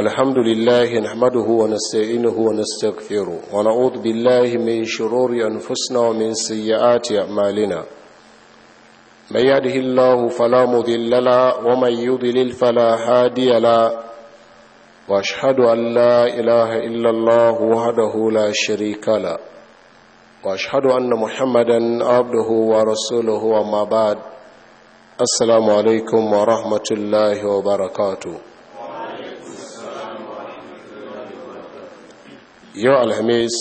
الحمد لله نحمده ونستعينه ونستغفره ونعوذ بالله من شرور أنفسنا ومن سيئات أعمالنا من يده الله فلا مضل لا ومن يضلل فلا هادي لا واشهد أن لا إله إلا الله وحده لا شريك لا واشهد أن محمدا عبده ورسوله وما بعد السلام عليكم ورحمة الله وبركاته yau alhamis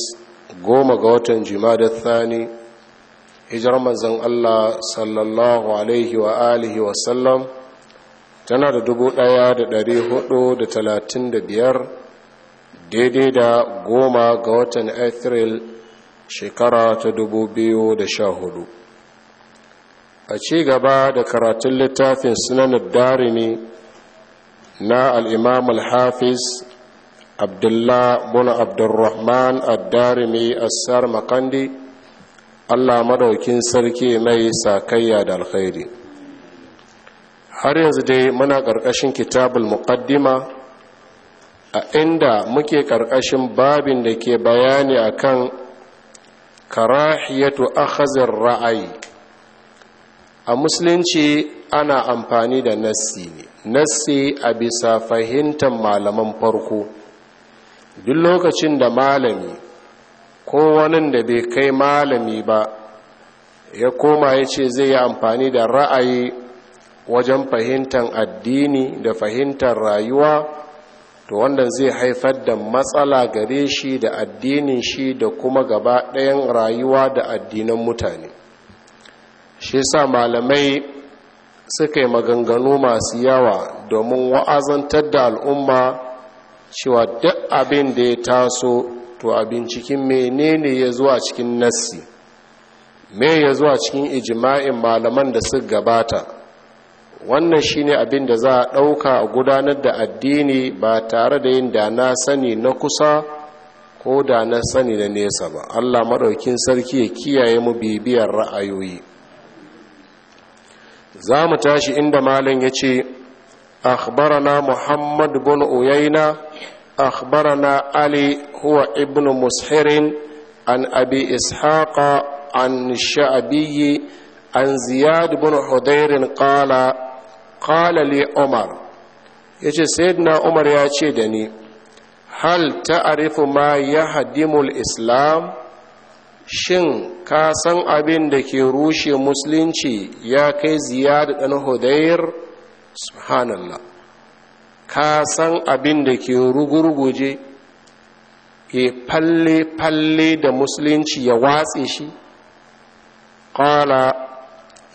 goma ga watan jima'a thani hijar manzan allah sallallahu alaihi wa alihi wasallam tana da dubu ɗaya da dari hudu da talatin da biyar daidai da goma ga watan Afril shekara ta dubu biyu da sha hudu a ci gaba da karatun littafin sunanar darini na al'imam al-hafiz Abdullah bin abdurrahman عبد الرحمن الدارمي Allah مقندي Sarki mai سركي da alkhairi. har yanzu dai muna ƙarƙashin kitabul muqaddima a inda muke ƙarƙashin babin da ke bayani akan karahiyatu akhazir ra'ayi a musulunci ana amfani da nassi ne nassi a bisa fahimtar malaman farko duk lokacin da malami ko wani da bai kai malami ba ya koma ya ce zai yi amfani da ra'ayi wajen fahimtar addini da fahimtar rayuwa to wanda zai haifar da matsala gare shi da addinin shi da kuma gaba ɗayan rayuwa da addinan mutane shi sa malamai suka yi maganganu masu yawa domin wa'azantar da al'umma cewa duk abin da ya taso to a menene ya zuwa cikin nassi me ya zuwa cikin ijima'in malaman da suka gabata wannan shine abin da za a ɗauka a gudanar da addini ba tare da yin da na sani na kusa ko da na sani na nesa ba allah maɗaukin sarki ya kiyaye mu bibiyar ra'ayoyi za mu tashi inda malin ya ce أخبرنا محمد بن أيينة أخبرنا علي هو ابن مسحر عن أبي إسحاق عن الشعبي عن زياد بن حضير قال قال لي عمر يجي سيدنا عمر يا شيدني هل تعرف ما يهدم الإسلام shin ka san abin da ke rushe musulunci ya kai ziyad ɗan hudayr subhanallah ka san abin da ke rugurguje ke falle-falle da musulunci ya watse shi ƙala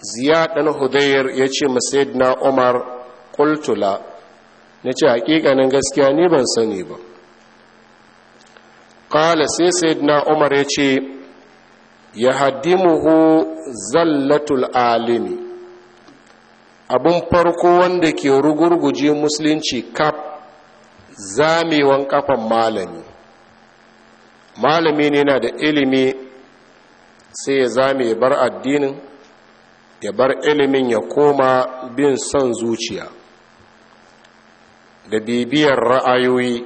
ziyadan hudayar ya ce na umar ƙultula na ce haƙiƙanin gaskiya ni ban sani ba ƙala sai na umar ya ce ya haddimuhu zallatul alimi abun farko wanda ke rugurguje musulunci kaf zamewan kafan malami malami ne na da ilimi sai ya zame ya bar addinin ya bar ilimin ya koma bin son zuciya da bibiyar ra'ayoyi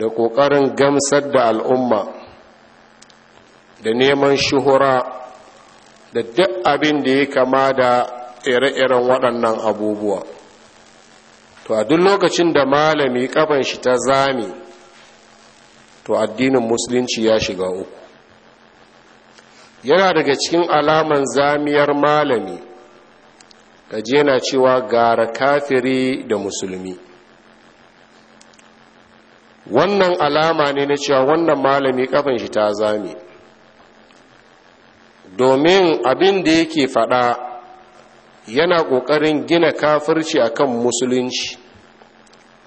da ƙoƙarin gamsar da al'umma da neman shuhura da duk abin da ya kama da ire-iren waɗannan abubuwa to a duk lokacin da malami kafan shi ta zami to addinin musulunci ya shiga uku yana daga cikin alaman zamiyar malami gaji yana cewa gara kafiri da musulmi wannan alama ne na cewa wannan malami kafan shi ta zami domin abin da yake faɗa. yana ƙoƙarin gina kafirci akan musulunci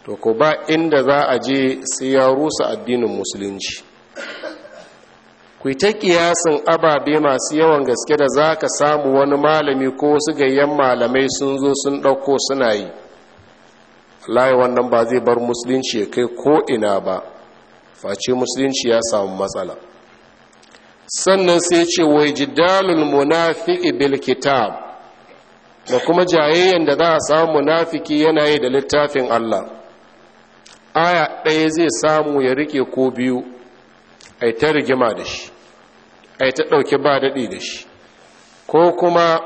to ko ba inda za a je sai ya rusa addinin musulunci ku ta kiyasin ababe masu yawan gaske da za ka samu wani malami ko wasu gayyan malamai sun zo sun ɗauko suna yi layi wannan ba zai bar musulunci ya kai ko'ina ba face musulunci ya samu matsala sannan sai ce wai jidalul munafi'i bil kitab da kuma jayayyen da za a samu munafiki yana yi da littafin Allah aya ɗaya zai samu ya rike ko biyu a ta rigima da shi a ta ɗauki ba daɗi da shi ko kuma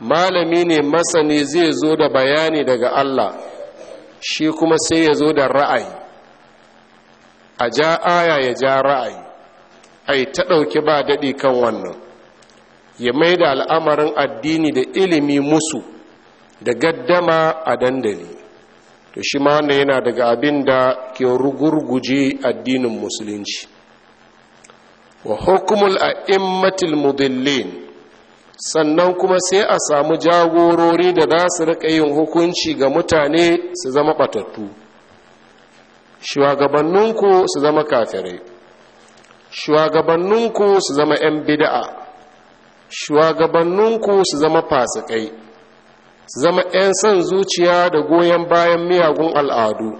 malami ne masani zai zo da bayani daga Allah shi kuma sai ya zo da ra'ayi a ja aya ya ja ra'ayi a ta ɗauki ba daɗi kan wannan ya mai da al'amarin addini da ilimi musu da gaddama a dandali to shi ma wanda yana daga abin da ke rugurguje addinin musulunci wa hukumul a a'immatil mudillin sannan kuma sai a samu jagorori da za su riƙa yin hukunci ga mutane su zama ɓatattu shugabanninku su zama kafirai shugabanninku su zama 'yan bida'a shugabanninku su zama fasikai su zama 'yan son zuciya da goyon bayan miyagun al'adu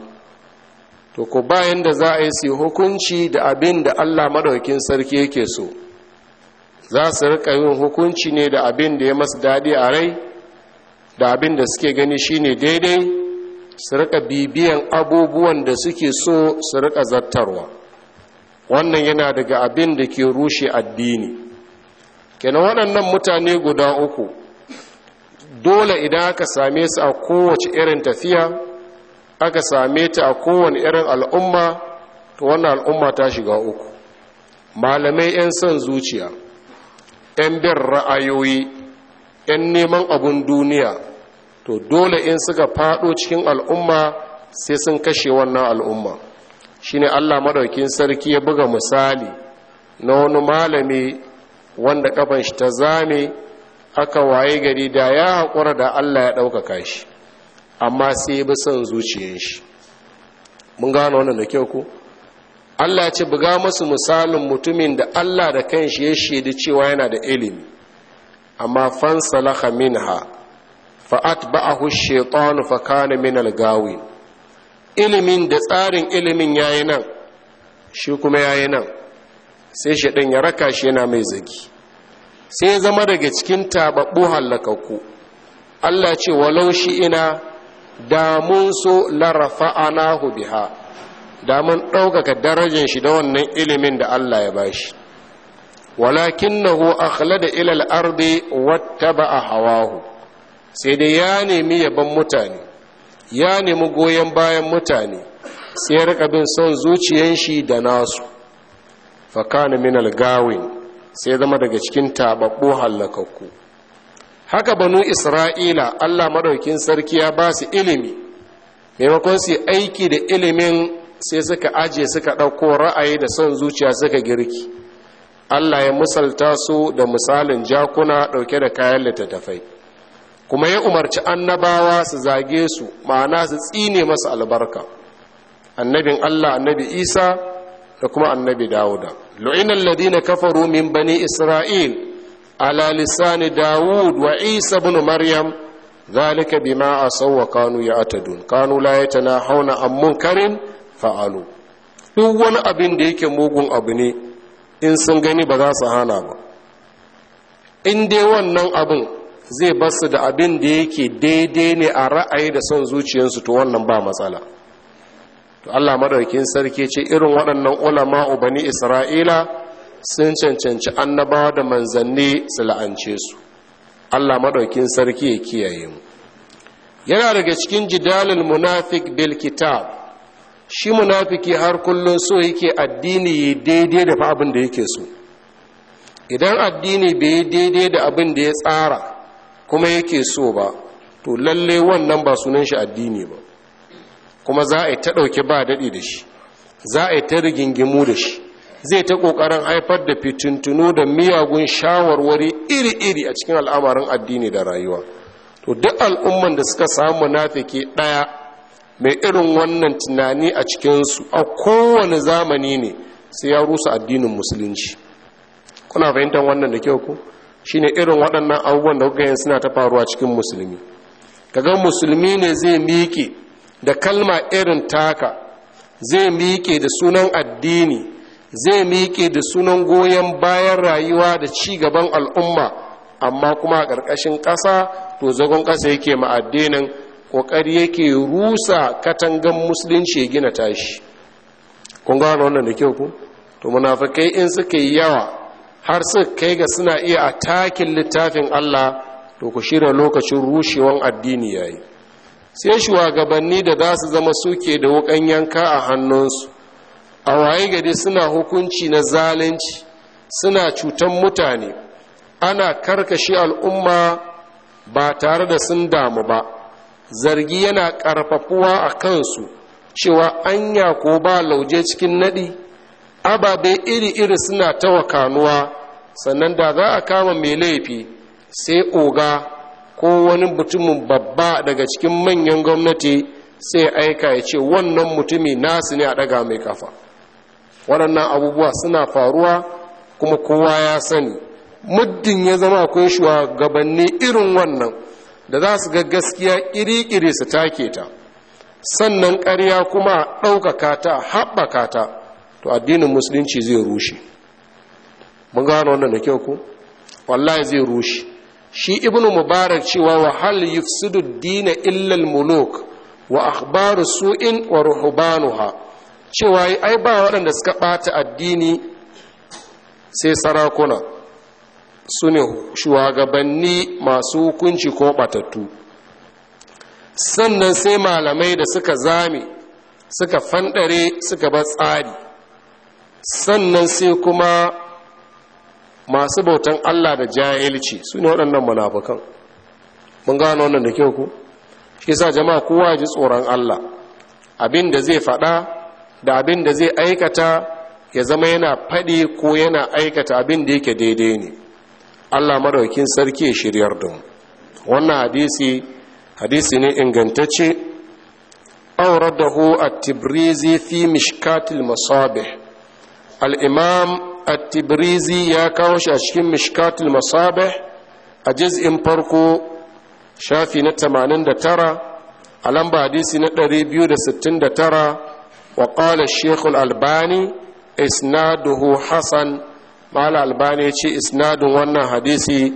to ku bayan da za a yi su hukunci da abin da allah maɗaukin sarki yake so za su rika yin hukunci ne da abin da ya masu daɗi a rai da abin da suke gani shine daidai su rika bibiyan abubuwan da suke so su rika zartarwa wannan yana daga abin da ke rushe addini kenan waɗannan mutane guda uku dole idan aka same su a kowace irin tafiya aka same ta a kowane irin al'umma to wannan al'umma ta shiga uku malamai 'yan son zuciya 'yan bin ra'ayoyi 'yan neman abun duniya to dole in suka fado cikin al'umma sai sun kashe wannan al'umma shine allah maɗaukin sarki ya buga misali na wani malami wanda kafan shi ta zame aka waye gari da ya haƙura da Allah ya ɗaukaka shi amma sai bi son zuciyar shi mun gano wannan da kyau ku? Allah ya ce buga masu misalin mutumin da Allah da kanshi ya shaidi cewa yana da ilimi amma fansalaha minha fa'at ba'ahu shaytanu fa kana min al-gawi ilimin da tsarin ilimin yayi nan shi kuma yayi nan sai shaidan ya raka shi yana mai zagi sai zama daga cikin taɓaɓɓu hallakakku Allah ce walau shi ina da mun so Anahu biha da mun ɗaukaka darajar shi da wannan ilimin da Allah ya bashi walakinnahu akhlada ila al-ardi a hawahu sai dai ya nemi yaban mutane ya nemi goyon bayan mutane sai ya rika bin son zuciyan shi da nasu fakana min al-gawin sai zama daga cikin taɓaɓɓu hallakakku haka banu isra'ila allah maɗaukin sarki ya ba su ilimi maimakon su aiki da ilimin sai suka aje suka ɗauko ra'ayi da son zuciya suka girki allah ya musalta su da misalin jakuna ɗauke da kayan littattafai kuma ya umarci annabawa su zage su ma'ana su tsine masu albarka annabin allah annabi isa da kuma annabi dawuda lu'ina alladhina kafaru min bani isra'il ala lisani daud wa isa ibn maryam dhalika bima asaw wa kanu ya'tadun kanu la yatanahawna an munkarin fa'alu duk wani abin da yake mugun abu ne in sun gani ba za su hana ba in dai wannan abin zai basu da abin da yake daidai ne a ra'ayi da son zuciyarsu to wannan ba matsala to Allah madaukin sarki ce irin waɗannan ulama ubani Isra'ila sun cancanci annabawa da manzanni su la'ance su Allah madaukin sarki ya kiyaye mu yana daga cikin jidalul munafik bil kitab shi munafiki har kullun so yake addini daidai da abin da yake so idan addini bai daidai da abin da ya tsara kuma yake so ba to lalle wannan ba sunan shi addini ba kuma za a yi ta ɗauki ba daɗi da shi za a yi ta rigingimu da shi zai ta ƙoƙarin haifar da fitintunu da miyagun shawarwari iri-iri a cikin al'amarin addini da rayuwa to duk al'umman da suka samu munafiki ɗaya mai irin wannan tunani a cikinsu a kowane zamani ne sai ya rusa addinin musulunci kuna fahimtar wannan da kyau ku shine irin waɗannan abubuwan da kuka yin suna ta faruwa cikin musulmi kaga musulmi ne zai miƙe da kalma irin taka zai miƙe da sunan addini zai miƙe da sunan goyon bayan rayuwa da ci gaban al'umma amma kuma a ƙarƙashin ƙasa to zagon ƙasa yake ma ƙoƙari yake rusa katangan musulunci ya gina tashi kun gano wannan da kyau ku to munafikai in suka yi yawa har su kai ga suna iya a takin littafin Allah to ku shirya lokacin rushewan addini yayi sai shugabanni da za su zama suke da wukan yanka a hannunsu a waye gari suna hukunci na zalunci suna cutan mutane ana karkashe al'umma ba tare da sun damu ba zargi yana karfafuwa a kansu cewa anya ko ba lauje cikin nadi? ababe iri-iri suna ta wakanuwa sannan da za a kama mai laifi sai oga ko wani mutumin babba daga cikin manyan gwamnati sai aika ya ce wannan mutumi nasu ne a daga mai kafa waɗannan abubuwa suna faruwa kuma kowa ya sani muddin ya zama akwai shugabanni irin wannan da za su ga gaskiya iri-iri su take ta sannan karya kuma ɗaukaka ta haɓaka ta to addinin musulunci zai rushe mun gano wannan da kyau ku wallahi zai rushe shi ibn mubarak cewa wa hal yufsidu dina illa muluk wa akhbaru su'in wa ruhbanuha cewa ai ba waɗanda suka ɓata addini sai sarakuna sune shugabanni masu hukunci ko ɓatattu sannan sai malamai da suka zame suka fandare, suka ba tsari sannan sai kuma masu bautan Allah da jahilci su ne waɗannan munafukan mun gano wannan da kyau ku shi sa jama'a kowa ji tsoron Allah abin da zai faɗa da abin da zai aikata ya zama yana faɗi ko yana aikata abin da yake daidai ne Allah maraukin sarki ya shiryar da wannan hadisi hadisi ne ingantacce awradahu at-tibrizi fi mishkatil masabih al-imam at-tibrizi ya kawo shi a cikin mishkatul masabih a juz'in farko shafi na 89 a lamba hadisi na 269 wa qala ash-shaykh al-albani isnaduhu hasan mal albani ya ce isnadin wannan hadisi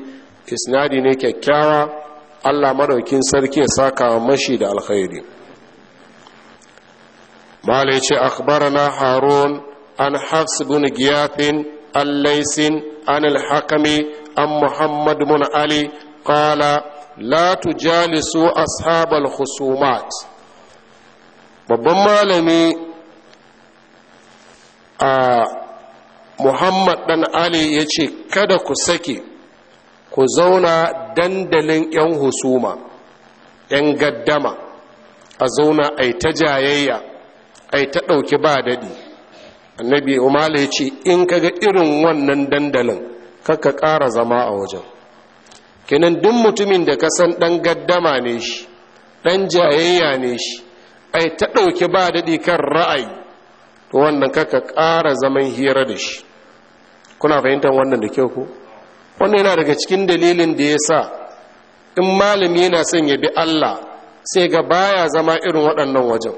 isnadi ne kyakkyawa Allah madaukin sarki ya saka mashi da alkhairi mal ya ce akhbarana harun an hafs bin giyafin an laisin an alhakami an muhammad bin ali qala Latu, Jalisu, ashabal Husumat, babban malami a muhammad dan ali ya ce kada ku sake ku zauna dandalin 'yan husuma 'yan gaddama a zauna yi ta jayayya yi ta ɗauki ba daɗi annabi umar ya ce in ka ga irin wannan dandalin kaka ƙara zama a wajen kenan duk mutumin da ka san ɗan gaddama ne shi ɗan jayayya ne shi ai ta ɗauki ba daɗi kan ra'ayi to wannan kaka ƙara zaman hira da shi kuna fahimtar wannan da kyau ko wannan yana daga cikin dalilin da ya sa in malami yana son ya bi Allah sai ga baya zama irin waɗannan wajen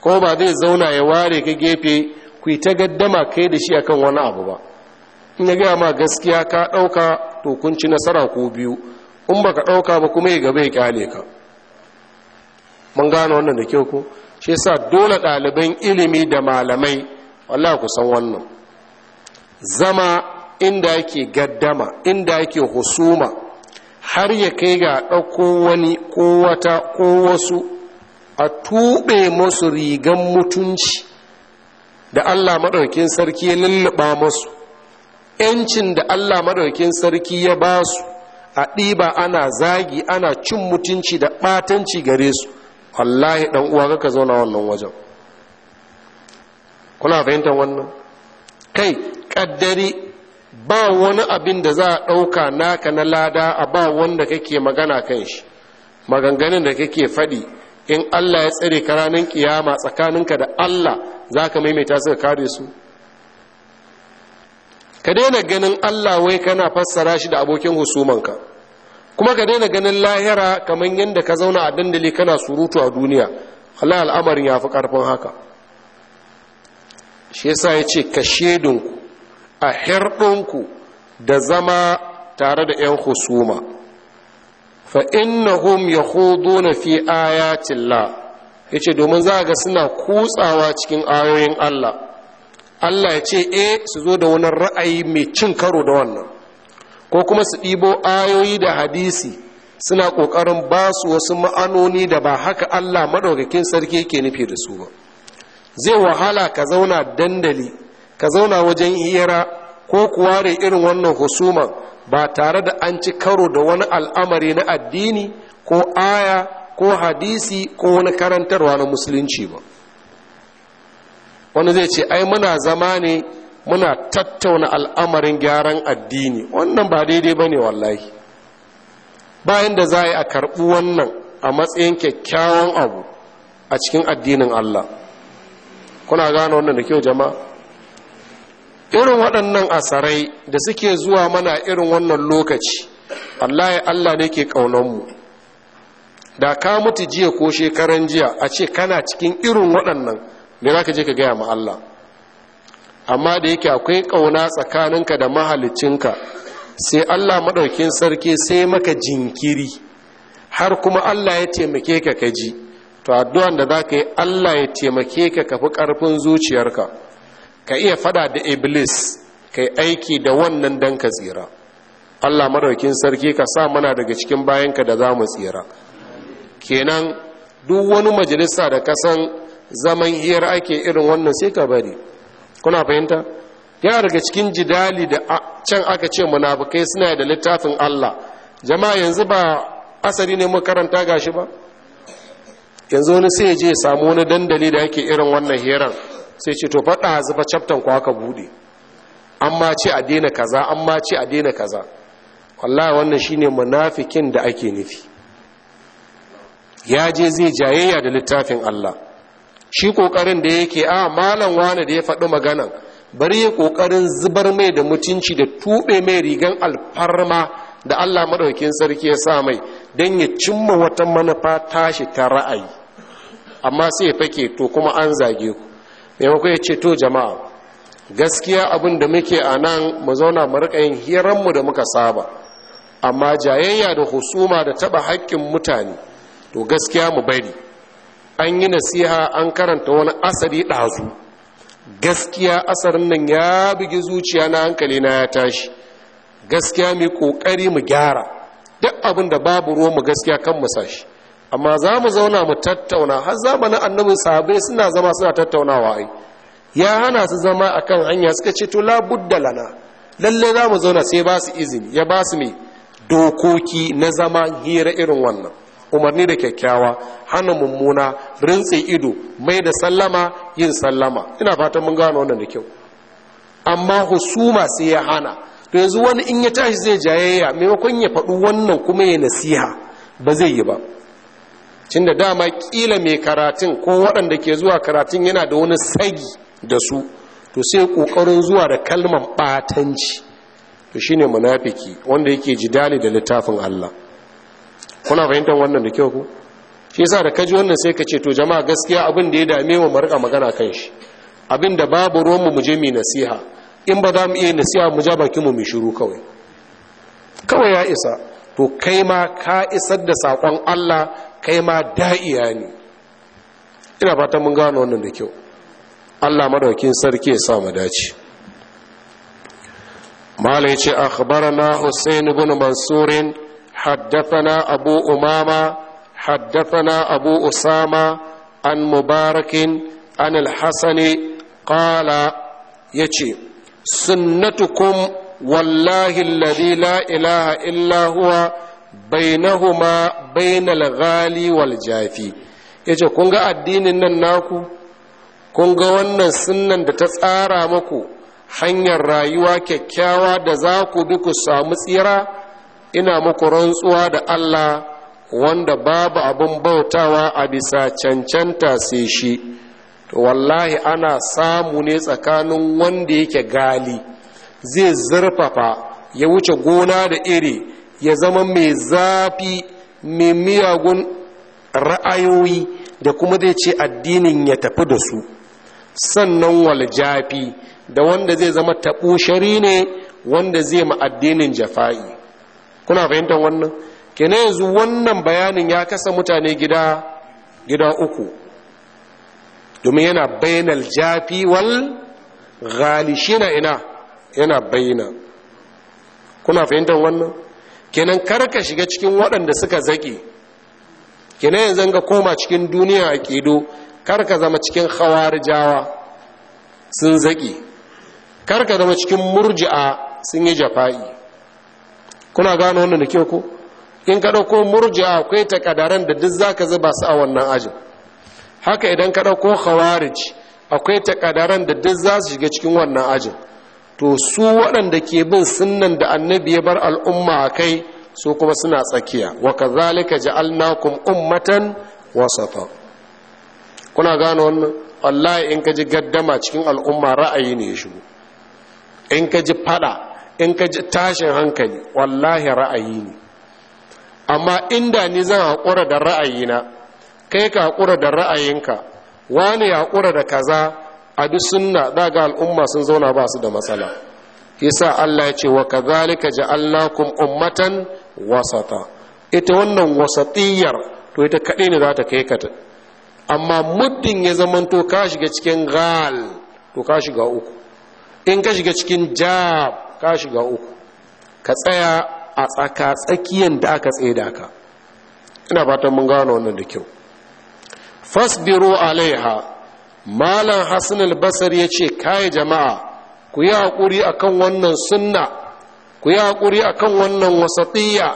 ko ba zai zauna ya ware ka gefe ku yi ta gaddama kai da shi akan wani abu ba in ya gaya ma gaskiya ka ɗauka to kun ci nasara ko biyu in ba ka ɗauka ba kuma ya gaba ya kyale ka mun gane wannan da kyau ko shi yasa dole ɗaliban ilimi da malamai wallahi ku san wannan zama inda yake gaddama inda yake husuma har ya kai ga ɗauko wani ko wata ko wasu a tuɓe musu rigan mutunci da allah maɗaukin sarki ya lulluɓa masu yancin da allah maɗaukin sarki ya ba su a ɗiba ana zagi ana cin mutunci da ɓatanci gare su wallahi ɗan uwa ka zauna wannan wajen kuna fahimtar wannan kai ƙaddari ba wani abin da za a ɗauka naka na lada a ba wanda kake magana kan shi maganganun da kake faɗi in allah ya tsare ka ranar kiyama tsakaninka da allah za ka maimaita suka kare su ka daina ganin allah wai kana fassara shi da abokin husumanka kuma ka daina ganin lahira kamar yadda ka zauna a dandali kana surutu a duniya allah al'amarin ya fi karfin haka shi yasa ya ce ka shedinku a hirɗinku da zama tare da 'yan husuma fa innahum na fi ayatillah ya ce domin za a ga suna kutsawa cikin ayoyin Allah Allah ya ce e eh, su zo da wani ra'ayi mai cin karo da wannan ko kuma su ɗibo ayoyi da hadisi suna ƙoƙarin ba su wasu ma'anoni da ba haka Allah maɗaukakin sarki ke nufi da su ba zai wahala ka zauna dandali ka zauna wajen hira ko kuwa irin wannan husuman ba tare da an ci karo da wani al'amari na addini ko aya ko hadisi ko wani karantarwa na musulunci ba wani zai ce ai muna zama ne muna tattauna al'amarin gyaran addini wannan ba daidai ba ne wallahi bayan da za a yi a karɓi wannan a matsayin kyakkyawan abu a cikin addinin Allah kuna gane wannan da kyau jama'a irin waɗannan asarai da suke zuwa mana irin wannan lokaci wallahi Allah ne ke ƙaunanmu da ka mutu jiya ko shekaran jiya a ce kana cikin irin waɗannan me za ka je ka gaya ma Allah amma da yake akwai ƙauna tsakaninka da mahalicinka sai Allah maɗaukin sarki sai maka jinkiri har kuma Allah ya taimake ka ka ji to addu'an da za ka yi Allah ya taimake ka kafi fi ƙarfin zuciyarka ka iya fada da iblis ka yi aiki da wannan dan ka tsira Allah maɗaukin sarki ka sa mana daga cikin bayanka da za mu tsira kenan duk wani majalisa da kasan zaman hiyar ake irin wannan sai ka bari kuna fahimta yana daga cikin jidali da can aka ce munafukai suna da littafin Allah jama'a yanzu ba asari ne makaranta gashi ba yanzu wani sai je samu wani dandali da yake irin wannan hiran sai ce to faɗa zuba chapter kwaka aka bude amma ce a daina kaza amma ce a daina kaza wallahi wannan shine munafikin da ake nufi ya je zai jayayya da littafin Allah shi kokarin da yake a ah, malam wani da ya faɗi maganan bari ya kokarin zubar mai da mutunci da tuɓe mai rigan alfarma da Allah maɗaukin sarki ya sa mai don ya cimma wata manufa tashi ta ra'ayi amma sai ya fake to kuma an zage ku maimako ya ce to jama'a gaskiya abin da muke a nan mu zauna mu riƙa yin hiranmu da muka saba amma jayayya da husuma da taɓa haƙƙin mutane to gaskiya mu bari an yi nasiha an karanta wani asari ɗazu gaskiya asarin nan ya bugi zuciya na hankali na ya tashi gaskiya mai ƙoƙari mu gyara duk abin da babu ruwa mu gaskiya kan mu sashi amma za mu zauna mu tattauna har zamanin annabin sahabai suna zama suna tattaunawa ai ya hana su zama akan hanya suka ce to labudda lana lalle za mu zauna sai ba su izini ya ba su mai dokoki na zama hira irin wannan umarni da kyakkyawa hana mummuna rintse ido mai da sallama yin sallama ina fatan mun gano wannan da kyau amma husuma sai ya hana to yanzu wani in ya tashi zai jayayya maimakon ya faɗi wannan kuma ya nasiha ba zai yi ba cin da dama kila mai karatun ko waɗanda ke zuwa karatun yana da wani sagi da su to sai ƙoƙarin zuwa da kalmar ɓatanci to shine munafiki wanda yake jidali da littafin Allah kuna fahimtar wannan da kyau ku shi yasa da kaji wannan sai ka ce to jama'a gaskiya abin da ya dame mu mu magana kan shi abin da babu ruwan mu muje je mu nasiha in ba za mu iya nasiha mu ja bakin mu mu shiru kawai kawai ya isa to kai ma ka isar da sakon Allah kai ma da'iya ne ina fatan mun gano wannan da kyau Allah madaukin sarki ya sa mu dace malai ce akhbarana Hussein ibn Mansurin حدثنا أبو أمامة حدثنا أبو أسامة عن مبارك عن الحسن قال يجي سنتكم والله الذي لا إله إلا هو bainahuma bainal ghali wal jafi yace kun ga addinin nan naku kun ga wannan sunnan da ta tsara muku hanyar rayuwa kyakkyawa da za ku bi ku samu tsira ina muku rantsuwa da Allah wanda babu abin bautawa a bisa cancanta sai shi wallahi ana samu ne tsakanin wanda yake gali zai zurfafa ya wuce gona da iri ya zama mai zafi mai miyagun ra'ayoyi da kuma zai ce addinin ya tafi da su sannan waljafi da wanda zai zama taɓushari ne wanda zai ma addinin jafa'i kuna fahimtar wannan kene yanzu wannan bayanin ya kasa mutane gida gida uku domin yana bainal jafi wal ghalishina ina yana bayyana kuna fahimtar wannan kenan karka shiga cikin waɗanda suka zaki kenan yanzu ga koma cikin duniya a kedo karka zama cikin hawarijawa sun zaki karka zama cikin murji'a sun yi jafa'i kuna gano wannan da kyau ko in ka ɗauko murji'a akwai takadaran da duk zaka zuba su a wannan ajin haka idan ka ɗauko khawarij akwai takadaran da duk za su shiga cikin wannan ajin to su waɗanda ke bin sunnan da annabi ya bar al'umma a kai su kuma suna tsakiya wa kazalika ja'alnakum ummatan wasata kuna gano wannan wallahi in ka ji gaddama cikin al'umma ra'ayi ne ya shigo in ka ji fada in ka ji tashin hankali wallahi ra'ayi ne amma inda ni zan haƙura da ra'ayina kai ka haƙura da ra'ayinka wani ya haƙura da kaza a duk sunna za al'umma sun zauna ba su da matsala yasa Allah ya ce wa kadhalika ja'alnakum ummatan wasata ita wannan wasatiyar to ita kaɗai ne za ta kai ka amma muddin ya zamanto ka shiga cikin gal to ka shiga uku in ka shiga cikin jab ka shiga uku ka tsaya a tsaka tsakiyan da aka da ka ina fatan mun gano wannan da kyau fasbiru alaiha malam hasan albasar ya ce kayi jama'a ku yi haƙuri akan wannan sunna ku yi haƙuri akan wannan wasatiyya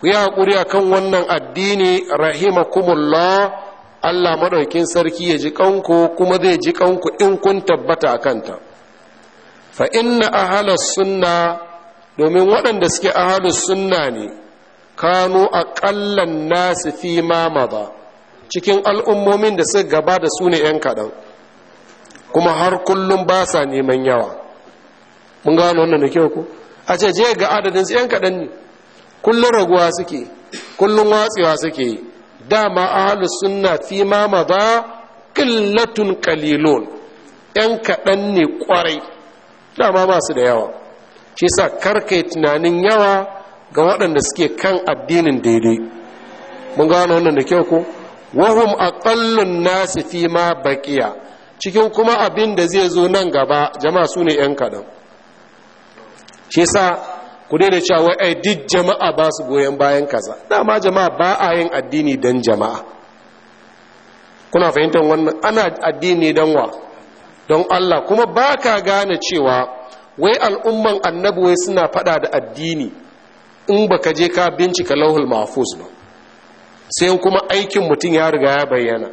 ku yi haƙuri akan wannan addini rahima rahimakumullah Allah maɗaukin sarki ya ji kanku kuma zai ji kanku in kun tabbata a kanta fa inna ahalas sunna domin waɗanda suke ahalar sunna ne kano aƙallan nasu fi ma maza cikin al'ummomin da suka gaba da su ne ‘yan kaɗan kuma har kullum ba sa neman yawa mun gano wannan da kyau ku a ce je ga adadin ‘yan kaɗan ne kullum raguwa suke kullum watsewa suke dama ahalus sunna fi ma maza ƙillatun ƙalilon ‘yan kaɗan ne ƙwarai dama ba su da yawa shi sa karkai tunanin yawa ga waɗanda suke kan addinin daidai mun gano wannan da kyau ko wahum aqallun nasi fi ma baqiya cikin kuma abin da zai zo nan gaba jama'a su ne yan kaɗan shi sa ku daina cewa wai ai duk jama'a ba su goyon bayan kaza dama jama'a ba a yin addini dan jama'a kuna fahimtar wannan ana addini dan wa don Allah kuma ba ka gane cewa wai al'umman annabi wai suna fada da addini in ba ka je ka bincika lauhul mahfuz ba sai kuma aikin mutum ya riga ya bayyana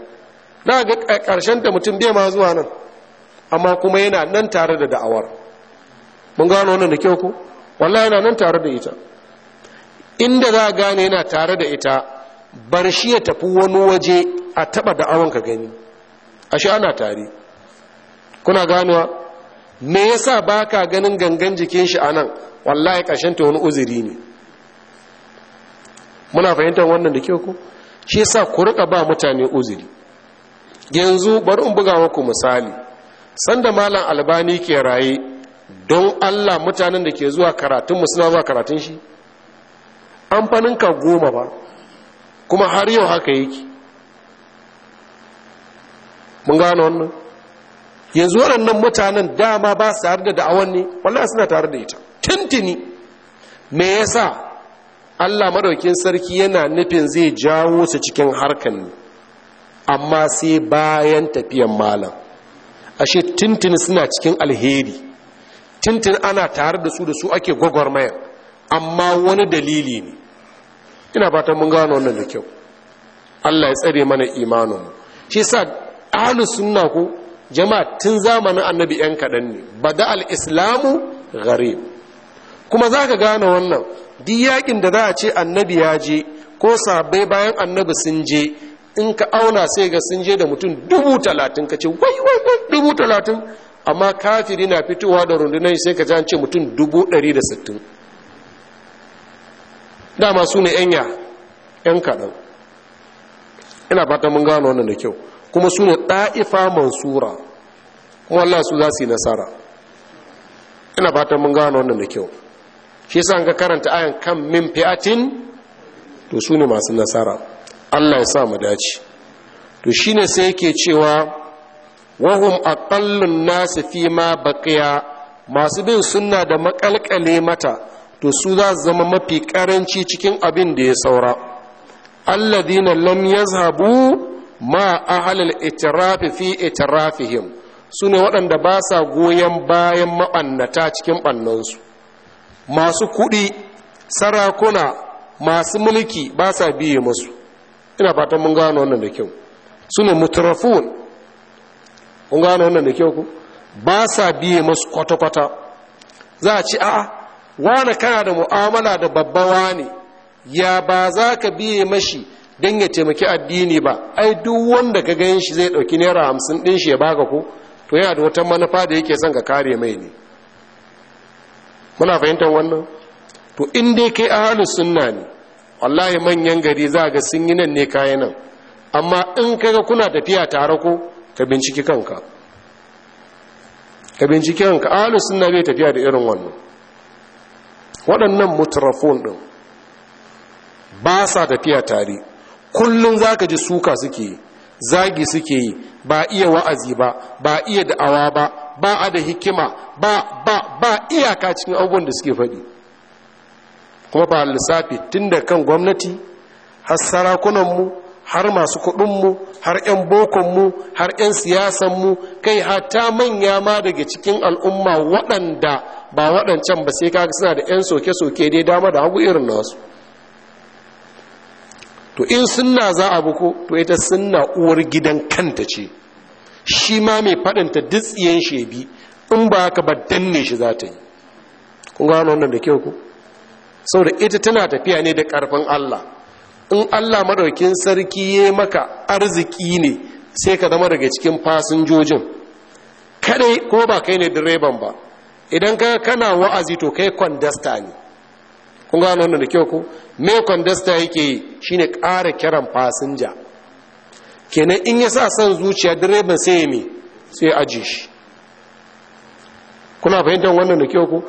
na ga ƙarshen da mutum bai ma zuwa nan amma kuma yana nan tare da da'awar mun gano wannan da kyau ko wallahi yana nan tare da ita inda za a gane yana tare da ita bar shi ya tafi wani waje a taba da'awan ka gani ashe ana tare kuna ganuwa me yasa baka ganin gangan jikin shi anan wallahi ƙarshen ta wani uzuri ne muna fahimtar wannan da kyau ko shi yasa ku rika ba mutane uzuri yanzu bari in buga muku misali sanda malam albani ke raye don allah mutanen da ke zuwa karatun suna zuwa karatun shi an ka goma ba kuma har yau haka yake mun gano wannan yanzu waɗannan mutanen dama ba su tare da da'awar ne wallahi suna tare da ita tuntuni me yasa Allah madaukin sarki yana nufin zai jawo su cikin harkan ne amma sai bayan tafiyan malam ashe tuntuni suna cikin alheri tuntun ana tare da su da su ake gwagwarmayar amma wani dalili ne ina fatan mun gano wannan da kyau Allah ya tsare mana imanin shi sa ahlus sunna ko jama'a tun zamanin annabi yan kaɗan ne bada al-islamu gare kuma za ka gane wannan duk yakin da za a ce annabi ya je ko sabai bayan annabi sun je in ka auna sai ga sun je da mutum dubu talatin ka ce wai wai wai dubu talatin amma kafiri na fitowa da rundunai sai ka ce mutum dubu ɗari da sittin dama su ne 'yan ya 'yan kaɗan ina fata mun gano wannan da kyau kuma su ne ɗa'ifa mansura kuma Allah su za su yi nasara ina fatan mun gano wannan da kyau shi sa ga karanta ayan kan min fi'atin to su ne masu nasara Allah ya sa mu dace to ne sai yake cewa wahum a nasu fi ma bakiya masu bin suna da makalkale mata to su za su zama mafi ƙaranci cikin abin da ya saura Allah alladina lam yazhabu ma ahalil itirafi fi itirafihim su ne waɗanda ba sa goyon bayan maɓannata cikin ɓannansu masu kuɗi sarakuna masu mulki ba sa biye musu ina fatan mun gano wannan da kyau su ne mutrafun mun gano wannan da kyau ku ba sa biye musu kwata-kwata za a ci a wane kana da mu'amala da babbawa ne ya ba za ka biye mashi don ya taimaki addini ba ai duk wanda ka gan shi zai ɗauki naira hamsin din shi ya baka ko to yana da wata manufa da yake son ka kare mai ne muna fahimtar wannan to in dai kai ahalus sunna ne wallahi manyan gari za ga sun yi nan ne kayan nan amma in kaga kuna tafiya tare ko ka binciki kanka ka binciki kanka ahalus sunna bai tafiya da irin wannan waɗannan mutrafon ɗin ba sa tafiya tare kullum za ka ji suka suke yi zagi suke yi ba iya wa'azi ba ba iya da'awa ba ba a da hikima ba ba ba iyaka cikin abubuwan da suke faɗi kuma ba lissafi tun da kan gwamnati har sarakunanmu har masu kuɗinmu har 'yan bokonmu har 'yan siyasanmu kai hata manya ma daga cikin al'umma waɗanda ba waɗancan ba sai kaga suna da 'yan soke-soke dai dama da hagu irin nasu to in sunna za a buko to ita sunna uwar gidan kanta ce shi ma mai faɗinta dutsiyen shebi in ba ka ba danne shi za ta yi kun gano wannan da kyau ku saboda ita tana tafiya ne da ƙarfin allah in allah maɗaukin sarki ya maka arziki ne sai ka zama daga cikin fasinjojin kadai ko ba kai ne direban ba idan ka kana wa'azi to kai kwandasta ne kun gano wannan da kyau ko me kwandasta yake yi shine ƙara kiran fasinja kenan in ya sa son zuciya direban sai ya me sai ya ajiye shi kuna fahimtar wannan da kyau ko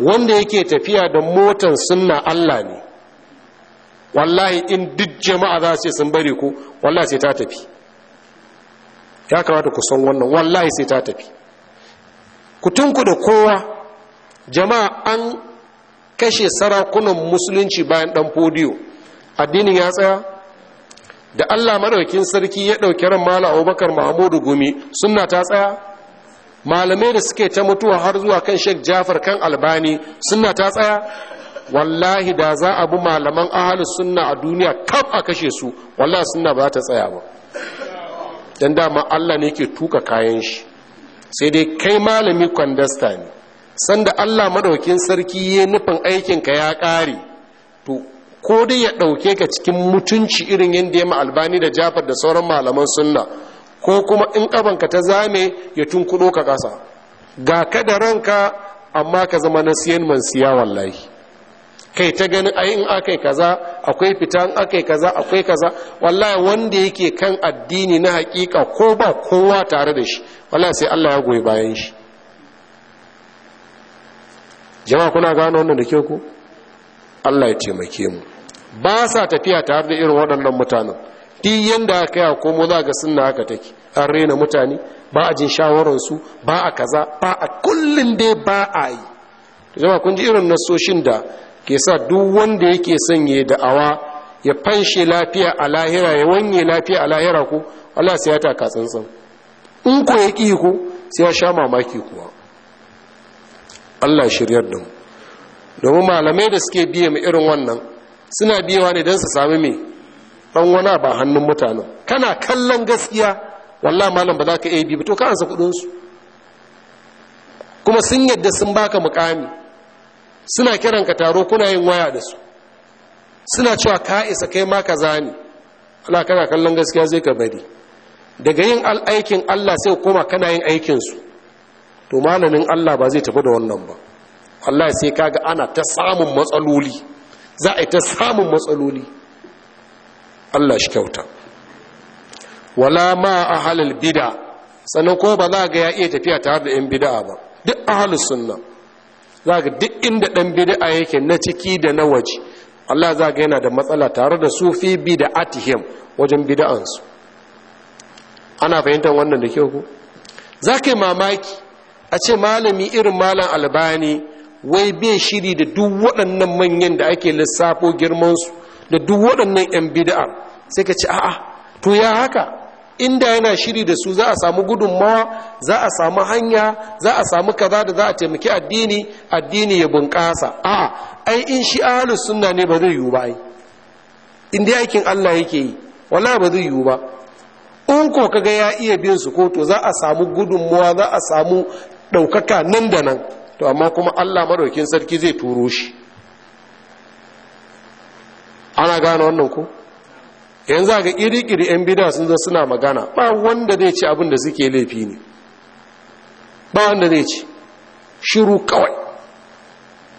wanda yake tafiya da motan sunna Allah ne wallahi in duk jama'a za su sun bari ku wallahi sai ta tafi ya kamata ku san wannan wallahi sai ta tafi ku tunku da kowa jama'a an kashe sarakunan musulunci bayan ɗan fodiyo addinin ya tsaya da allah madaukin sarki ya ɗauki ran mala abubakar mahamudu gumi suna ta tsaya malamai da suke ta mutuwa har zuwa kan sheikh jafar kan albani suna ta tsaya wallahi da za a bi malaman ahalus sunna a duniya kam a kashe su wallahi suna ba ta tsaya ba dan dama allah ne ke tuka kayan shi sai dai kai malami kwandasta ne sanda Allah madaukin sarki ya nufin aikinka ya ƙare to ko dai ya ɗauke ka cikin mutunci irin yadda ya ma albani da jafar da sauran malaman sunna ko kuma in ƙabanka ta zame ya tunkuɗo ka ƙasa ga ka da ranka amma ka zama na siyan man siya wallahi kai ta ganin ai in akai kaza akwai fita in akai kaza akwai kaza wallahi wanda yake kan addini na hakika ko ba kowa tare da shi wallahi sai Allah ya goyi bayan shi jama'a kuna gano wannan da ke ku Allah ya taimake mu ba sa tafiya tare da irin waɗannan mutanen duk yanda aka yi komo za ga sunna aka take an rena mutane ba a jin shawararsu ba a kaza ba a kullum dai ba a yi jama'a kun ji irin nasoshin da ke sa duk wanda yake sanye da'awa ya fanshe lafiya a lahira ya wanye lafiya a lahira ku? Allah sai ya taka tsantsan in ko ya ƙi ku? sai ya sha mamaki kuwa Allah shiryar da mu domin malamai da suke biya mu irin wannan suna biyewa ne don su sami me ɗan wana ba hannun mutanen kana kallon gaskiya wallahi malam ba za ka iya bi ba to ka ansa kuɗinsu? kuma sun yadda sun baka mukami suna kiran ka taro kuna yin waya da su suna cewa ka isa kai ma ka zani Allah kana kallon gaskiya zai ka bari daga yin aikin Allah sai kuma kana yin aikin su to malamin Allah ba zai tafi da wannan ba Allah sai kaga ana ta samun matsaloli za a yi ta samun matsaloli Allah shi kyauta wala ma ahalul bid'a sannan ko ba za ga ya iya tafiya tare da yan bid'a ba duk ahalus sunna za ga duk inda dan bid'a yake na ciki da na waje Allah za ga yana da matsala tare da sufi fi bid'atihim wajen bid'ansu ana fahimtar wannan da kyau ko za yi mamaki a ce malami irin malam albani wai bai shiri da duk waɗannan manyan da ake lissafo girmansu da duk waɗannan 'yan bida'a sai ka ce a'a to ya haka inda yana shiri da su za a samu gudunmawa za a samu hanya za a samu kaza da za a taimaki addini addini ya bunƙasa a'a ai in shi ahlus sunna ne ba zai yiwu ba ai in dai aikin Allah yake yi wala ba zai yiwu ba in ko kaga ya iya bin su ko to za a samu gudunmawa za a samu ɗaukaka nan da nan to amma kuma allah maɗaukin sarki zai turo shi ana gane wannan ko yanzu ga ƙiri-ƙiri 'yan bida sun zo suna magana ba wanda zai ci abin da suke laifi ne ba wanda zai ci shiru kawai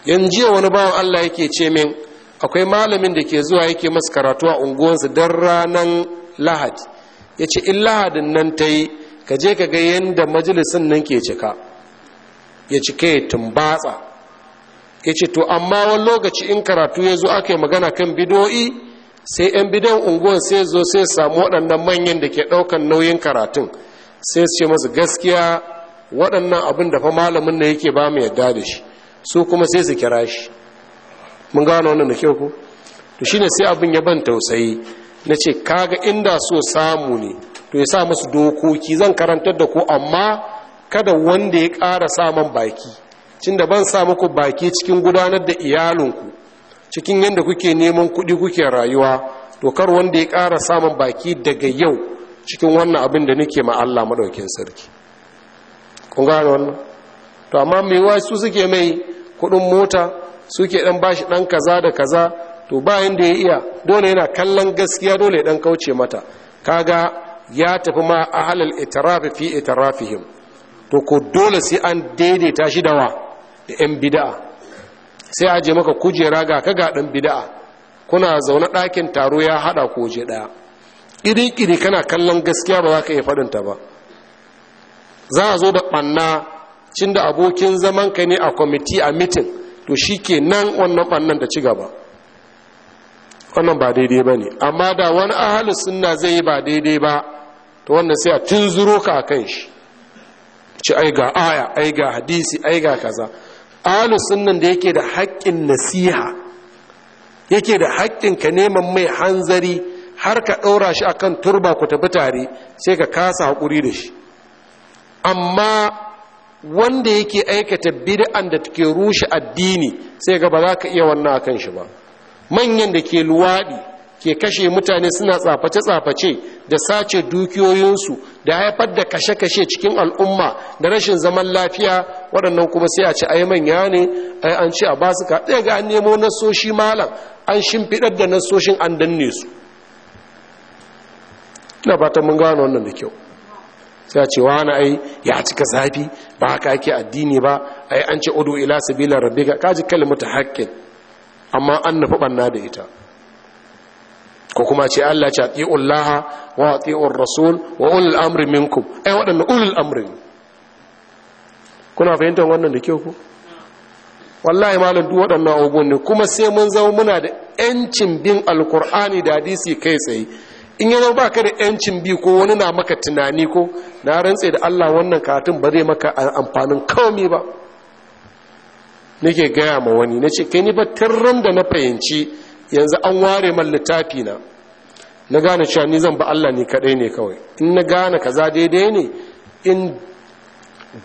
yanzu wani bawan allah yake ce min akwai malamin da ke zuwa yake masu karatu a unguwansu don ranan lahadi ya ce in lahadin nan ta yi ka je ka ga yadda majalisin nan ke cika ya cike ya tumbatsa ya ce to amma wani lokaci in karatu ya zo aka yi magana kan bidoyi sai 'yan bidon unguwan sai zo sai samu waɗannan manyan da ke ɗaukan nauyin karatun sai su ce masu gaskiya waɗannan abin da fa malamin da yake ba mu yadda da shi su kuma sai su kira shi mun gano wannan da kyau ku to shine sai abin ya ban tausayi na ce kaga inda so samu ne to ya sa masu dokoki zan karantar da ku amma kada wanda ya ƙara saman baki cin da ban sa muku baki cikin gudanar da iyalinku cikin yadda kuke neman kuɗi kuke rayuwa to wanda ya ƙara saman baki daga yau cikin wannan abin da nake ma Allah maɗaukin sarki kun gane wannan to amma mai wa su suke mai kuɗin mota suke ɗan bashi ɗan kaza da kaza to bayan da ya iya dole yana kallon gaskiya dole ya ɗan kauce mata kaga ya tafi ma a halal itirafi fi itirafihim to ko dole sai an daidaita shi da wa da 'yan bida'a sai a je maka kujera ga ka ga bida'a kuna zaune ɗakin taro ya haɗa ko je ɗaya iri-iri kana kallon gaskiya ba za ka iya faɗinta ba za a zo da ɓanna cin da abokin zaman ka ne a kwamiti a mitin to shi ke nan wannan ɓannan da ci gaba wannan ba daidai ba ne amma da wani ahalus sunna zai yi ba daidai ba to wannan sai a tunzuro ka a kan shi ci ai ga aya ai ga hadisi ai ga kaza alu sunnan da yake da haƙƙin nasiha yake da haƙƙin ka neman mai hanzari har ka ɗaura shi akan turba ku tafi tare sai ka kasa haƙuri da shi amma wanda yake aikata bid'an da take rushe addini sai ga ba za ka iya wannan akan shi ba manyan da ke luwaɗi ke kashe mutane suna tsaface-tsaface da sace dukiyoyinsu da haifar da kashe-kashe cikin al'umma da rashin zaman lafiya waɗannan kuma sai a ci yi manya ne ai an ce a ba su ga an nemo nasoshi malam an shimfiɗar da nasoshin an danne su ina fatan mun gano wannan da kyau sai a ce na ai ya cika zafi ba haka ake addini ba ai an ce udu ila sabila ka kaji kalmata haƙƙin amma an nufi ɓanna da ita ko kuma ce Allah ce ati'ul ullaha wa ati'ur rasul wa ulul amri minkum ai eh, wadannan ulul amri kuna fahimtar wannan da kyau ku wallahi malam duk waɗannan abubuwan ne kuma sai mun zama muna da yancin bin alkur'ani da hadisi kai tsaye in ya zama baka da yancin bi ko wani na maka tunani ko na rantse da Allah wannan katin ba zai maka amfanin kawai ba nake gaya ma wani na ce kai ni ba tarran da na fahimci yanzu an ware man littafi na na gane cewa ni zan ba Allah ne kadai ne kawai in na gane kaza daidai ne in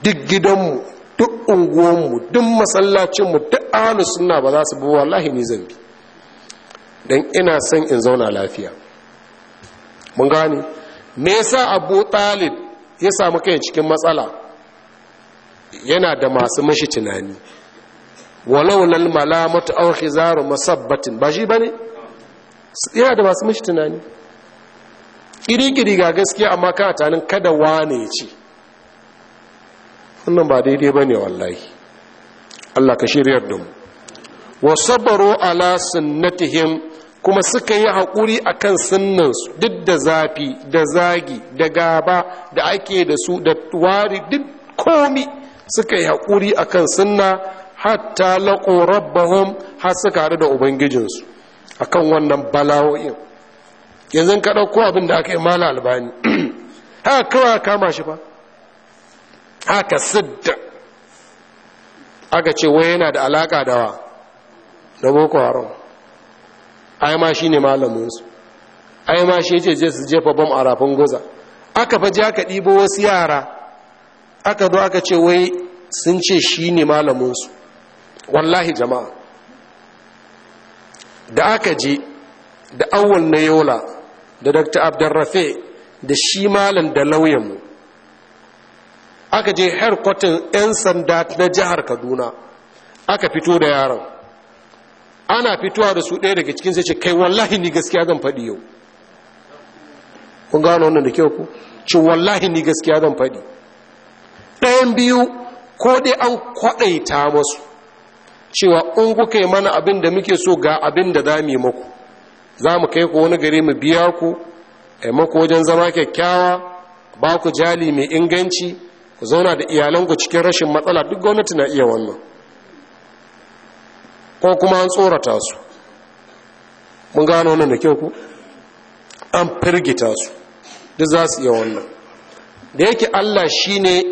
duk gidanmu duk unguwanmu duk masallacinmu duk ahalus sunna ba za su bi wallahi ni zan bi don ina son in zauna lafiya mun gane me yasa Abu Talib ya samu kai cikin matsala yana da masu mashi tunani walau lal malamatu aw khizaru masabbatin ba shi bane yana da masu mishi tunani kirikiri ga gaskiya amma kana tanin kada wane ce wannan ba daidai bane wallahi Allah ka shiryar da mu wa sabaru ala sunnatihim kuma suka yi hakuri akan sunnan su duk da zafi da zagi da gaba da ake da su da wari duk komi suka yi hakuri akan sunna hatta laƙo rabbahum har suka haɗu da ubangijinsu akan wannan bala'o'in yanzu ka ɗauko abin da aka yi mala albani haka kawai kama shi ba haka sidda aka ce wai yana da alaƙa da wa da boko haram ai ma shi ne malaminsu ai ma shi ce je su jefa bam a rafin goza aka faji aka ɗibo wasu yara aka zo aka ce wai sun ce shi ne malaminsu wallahi jama'a da aka je da awon na yola da dr abdurrafe da shi malam da lauyanmu aka je harkotin 'yan sanda na jihar kaduna aka fito da yaron ana fitowa da su ɗaya daga cikin sai ce kai wallahi ni gaskiya zan faɗi yau kun gano wannan da kyau ku ce wallahi ni gaskiya zan faɗi ɗayan biyu ko dai an kwaɗaita masu cewa in kuka yi mana abin da muke so ga abin da za mu yi maku, za mu kai ku wani gari mu biya ku a maku wajen zama kyakkyawa ba ku jali mai inganci ku zauna da iyalanku cikin rashin matsala duk gwamnati na iya wannan ko kuma an tsorata su mun gano wannan da kyau ku an firgita su duk za su iya wannan da yake allah shine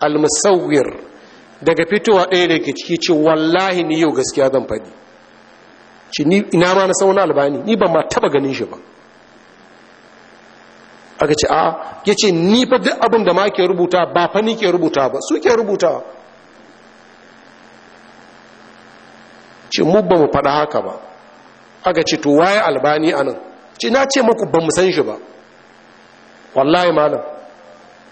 almusawwir daga fitowa ɗaya daga ciki ce wallahi ni yau gaskiya zan faɗi ci ni ina ma na sauna albani ni ban ma taba ganin shi ba aka ce a ya ce ni fa duk abin da ma ke rubuta ba fa ni ke rubuta ba su ke rubuta ci mu ba mu faɗa haka ba aka ce to waye albani a nan ci na ce maku ba mu san shi ba wallahi malam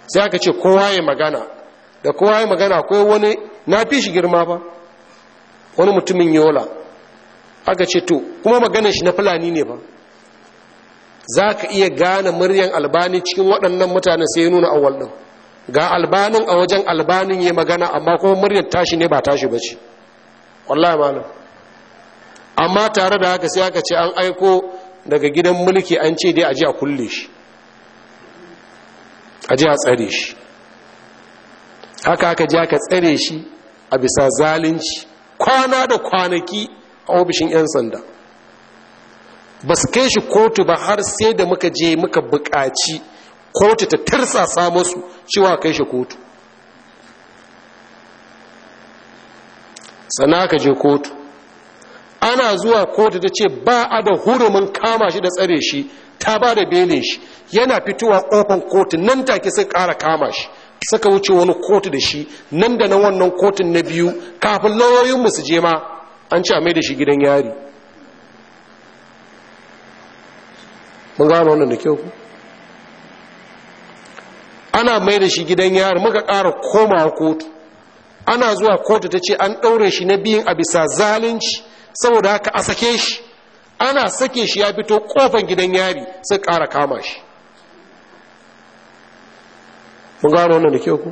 sai aka ce kowa ya magana da kowa ya magana akwai wani na fi shi girma ba wani mutumin yola aka ce to kuma maganar shi na fulani ne ba za ka iya gane muryan albani cikin waɗannan mutane sai nuna awal ɗin ga albanin a wajen albanin ya magana amma kuma muryan tashi ne ba tashi ba ce wallahi malam amma tare da haka sai aka ce an aiko daga gidan mulki an ce dai a ji a kulle shi a ji a tsare shi haka haka ji aka tsare shi a bisa zalunci kwana da kwanaki a ofishin 'yan sanda ba su kai shi kotu ba har sai da muka je muka buƙaci kotu ta tirsasa musu cewa kai shi kotu sana ka je kotu ana zuwa kotu ta ce ba a da hurumin kama shi da tsare shi ta ba da belin shi yana fitowa ƙofan kotu nan take sai ƙara kama shi Saka wuce wani kotu da shi nan da na wannan kotun na biyu kafin lauyoyinmu su je ma an ci a mai da shi gidan yari mun gano wannan da kyau ana mai da shi gidan yari muka ƙara koma kotu ana zuwa kotu ta ce an ɗaure shi na biyun a bisa zalunci saboda haka a sake shi ana sake shi ya fito ƙofan gidan yari sai ƙara kama shi mun gano wannan da kyau ku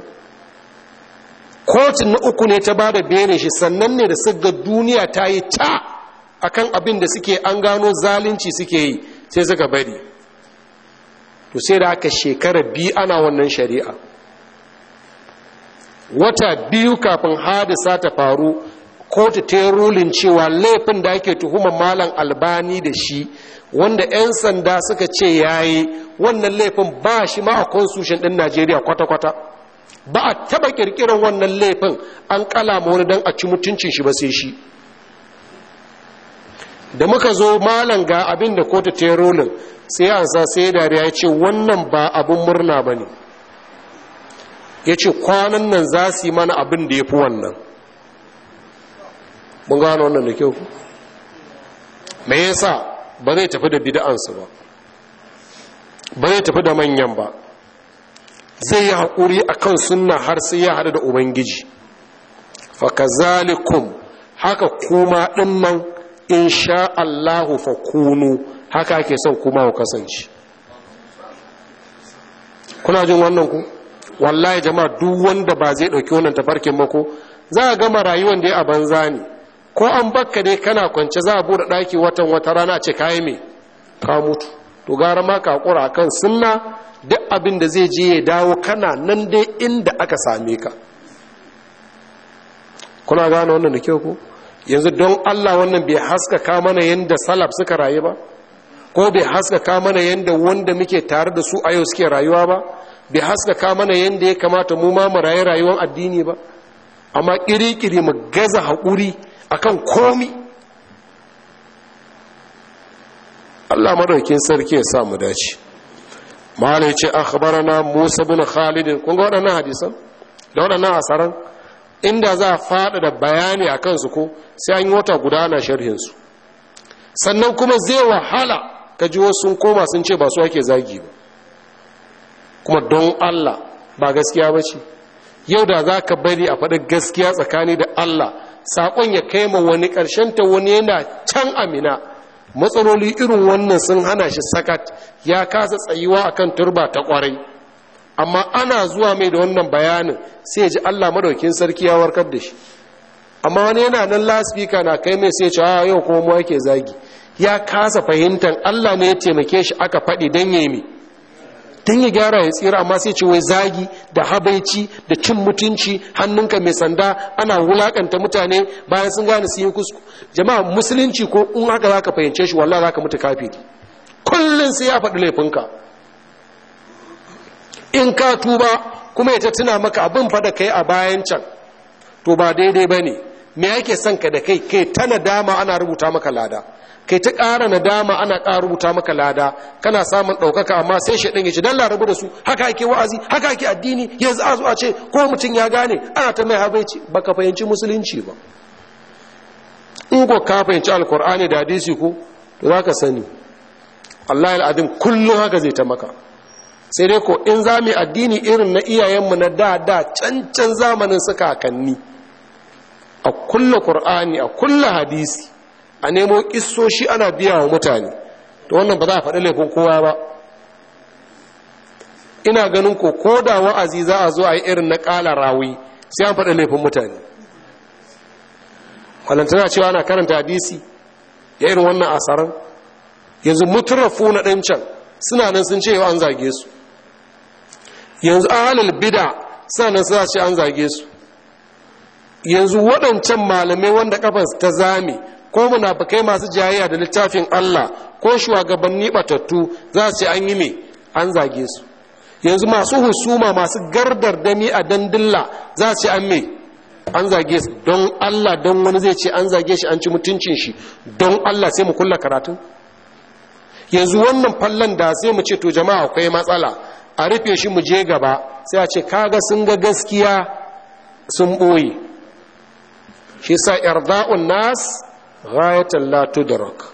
kotun na uku ne ta bada bene shi sannan ne da siga duniya ta yi ta a kan abin da suke an gano zalunci suke yi sai suka bari to sai da aka shekara biyu ana wannan shari'a wata biyu kafin hadisa ta faru kotu ta rulin cewa laifin da ake tuhumar malam albani da shi wanda 'yan sanda suka ce yayi wannan laifin ba shi ma a constitution din najeriya kwata-kwata ba a taba kirkirar wannan laifin an kalama wani don a ci mutuncin shi ba sai shi da muka zo malam ga abin da kotu ta rulin sai an sa sai dariya ya ce wannan ba abin murna ba ne ya ce kwanan nan za su yi mana abin da ya fi wannan mun gano wannan da kyau me yasa ba zai tafi da bid'ansu ba ba zai tafi da manyan ba zai yi haƙuri a kan sunna har sai ya haɗu da ubangiji fakazalikum haka kuma ɗinnan in sha Allahu fakunu haka ake son kuma ku kasance kuna jin wannan ku wallahi jama'a duk wanda ba zai ɗauki wannan tafarkin mako za a gama rayuwan da ya a banza ne ko an bakka dai kana kwance za a bude daki watan wata rana ce kayi mai. ka mutu to gara ma ka kura akan sunna duk abin da zai je ya dawo kana nan dai inda aka same ka kuna gane wannan da kyau ko yanzu don Allah wannan bai haskaka mana yadda salaf suka rayu ba ko bai haskaka mana yadda wanda muke tare da su a yau suke rayuwa ba bai haskaka mana yadda ya kamata mu ma mu raye rayuwar addini ba amma kiri-kiri mu gaza haƙuri akan komi Allah madaukin sarki ya sa mu dace malai ce akhbarana Musa bin Khalid kun ga waɗannan hadisan da waɗannan asaran inda za a faɗa da bayani a kansu ko sai an yi wata guda na sharhin su sannan kuma zai wahala ka ji wasu sun koma sun ce ba su ake zagi ba kuma don Allah ba gaskiya ba ce yau da za ka bari a faɗi gaskiya tsakani da Allah saƙon ya kai ma wani ta wani yana can amina matsaloli irin wannan sun hana shi sakat ya kasa tsayuwa akan turba ta ƙwarai, amma ana zuwa mai da wannan bayanin sai ji Allah madaukin sarki ya warkar da shi amma wani yana nan laspika na kai mai sai ce yau kuma mu yake zagi ya kasa fahimtar Allah ne ya taimake shi aka faɗi dan mai. don yi gyara ya tsira amma sai ce wai zagi da habaici da cin mutunci hannunka mai sanda ana wulakanta mutane bayan sun gane sun yi kusku jama'a musulunci ko in haka za ka fahimce shi wallah za ka mutu kafiri kullum sai ya faɗi laifinka in ka tuba kuma ya ta tuna maka abin fada kai a bayan can to ba daidai ba ne me yake son ka da kai kai ta dama. ana rubuta maka lada kai ta ƙara nadama ana ƙara rubuta maka lada kana samun ɗaukaka amma sai shaɗin ya ce don larabu da su haka ake wa'azi haka ake addini yanzu a zo a ce ko mutum ya gane ana ta mai habaici ka fahimci musulunci ba in ko ka fahimci alkur'ani da hadisi ko to za ka sani allah al'adun kullum haka zai ta maka sai dai ko in za mu addini irin na iyayenmu na da da can zamanin su kanni a kulla qur'ani a kulla hadisi a nemo kissoshi ana biya wa mutane to wannan ba za a faɗi laifin kowa ba ina ganin ko ko da wa'azi za a zo a yi irin na ƙala rawi sai an faɗi laifin mutane walantana cewa ana karanta hadisi ya irin wannan asaran yanzu mutrafu na ɗan can suna nan sun ce yau an zage su yanzu halal bida suna nan suna ce an zage su yanzu waɗancan malamai wanda kafas ta zame ko munafukai masu jayayya da littafin Allah ko shugabanni batattu za su an yi me an zage su yanzu masu husuma masu gardar dami a dandilla za su an me an zage su don Allah don wani zai ce an zage shi an ci mutuncin shi don Allah sai mu kulla karatun yanzu wannan fallon da sai mu ce to jama'a akwai matsala a rufe shi mu je gaba sai a ce kaga sun ga gaskiya sun boye shi sa irda'un nas ghayatan la tudrak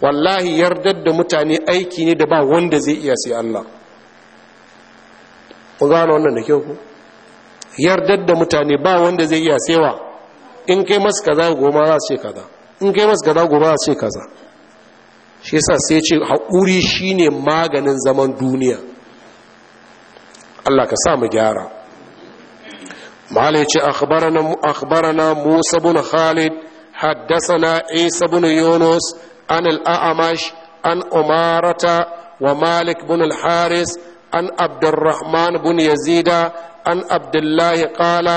wallahi yardar da mutane aiki ne da ba wanda zai iya sai Allah ku gano wannan da kyau ku yardar da mutane ba wanda zai iya saiwa in kai masu kaza goma za su ce kaza in kai masu kaza goma za su ce kaza shi yasa sai ce haƙuri shine maganin zaman duniya Allah ka sa mu gyara malai ce akhbarana musa bin khalid حدثنا عيسى بن يونس عن الأعمش عن أمارة ومالك بن الحارس عن عبد الرحمن بن يزيد عن عبد الله قال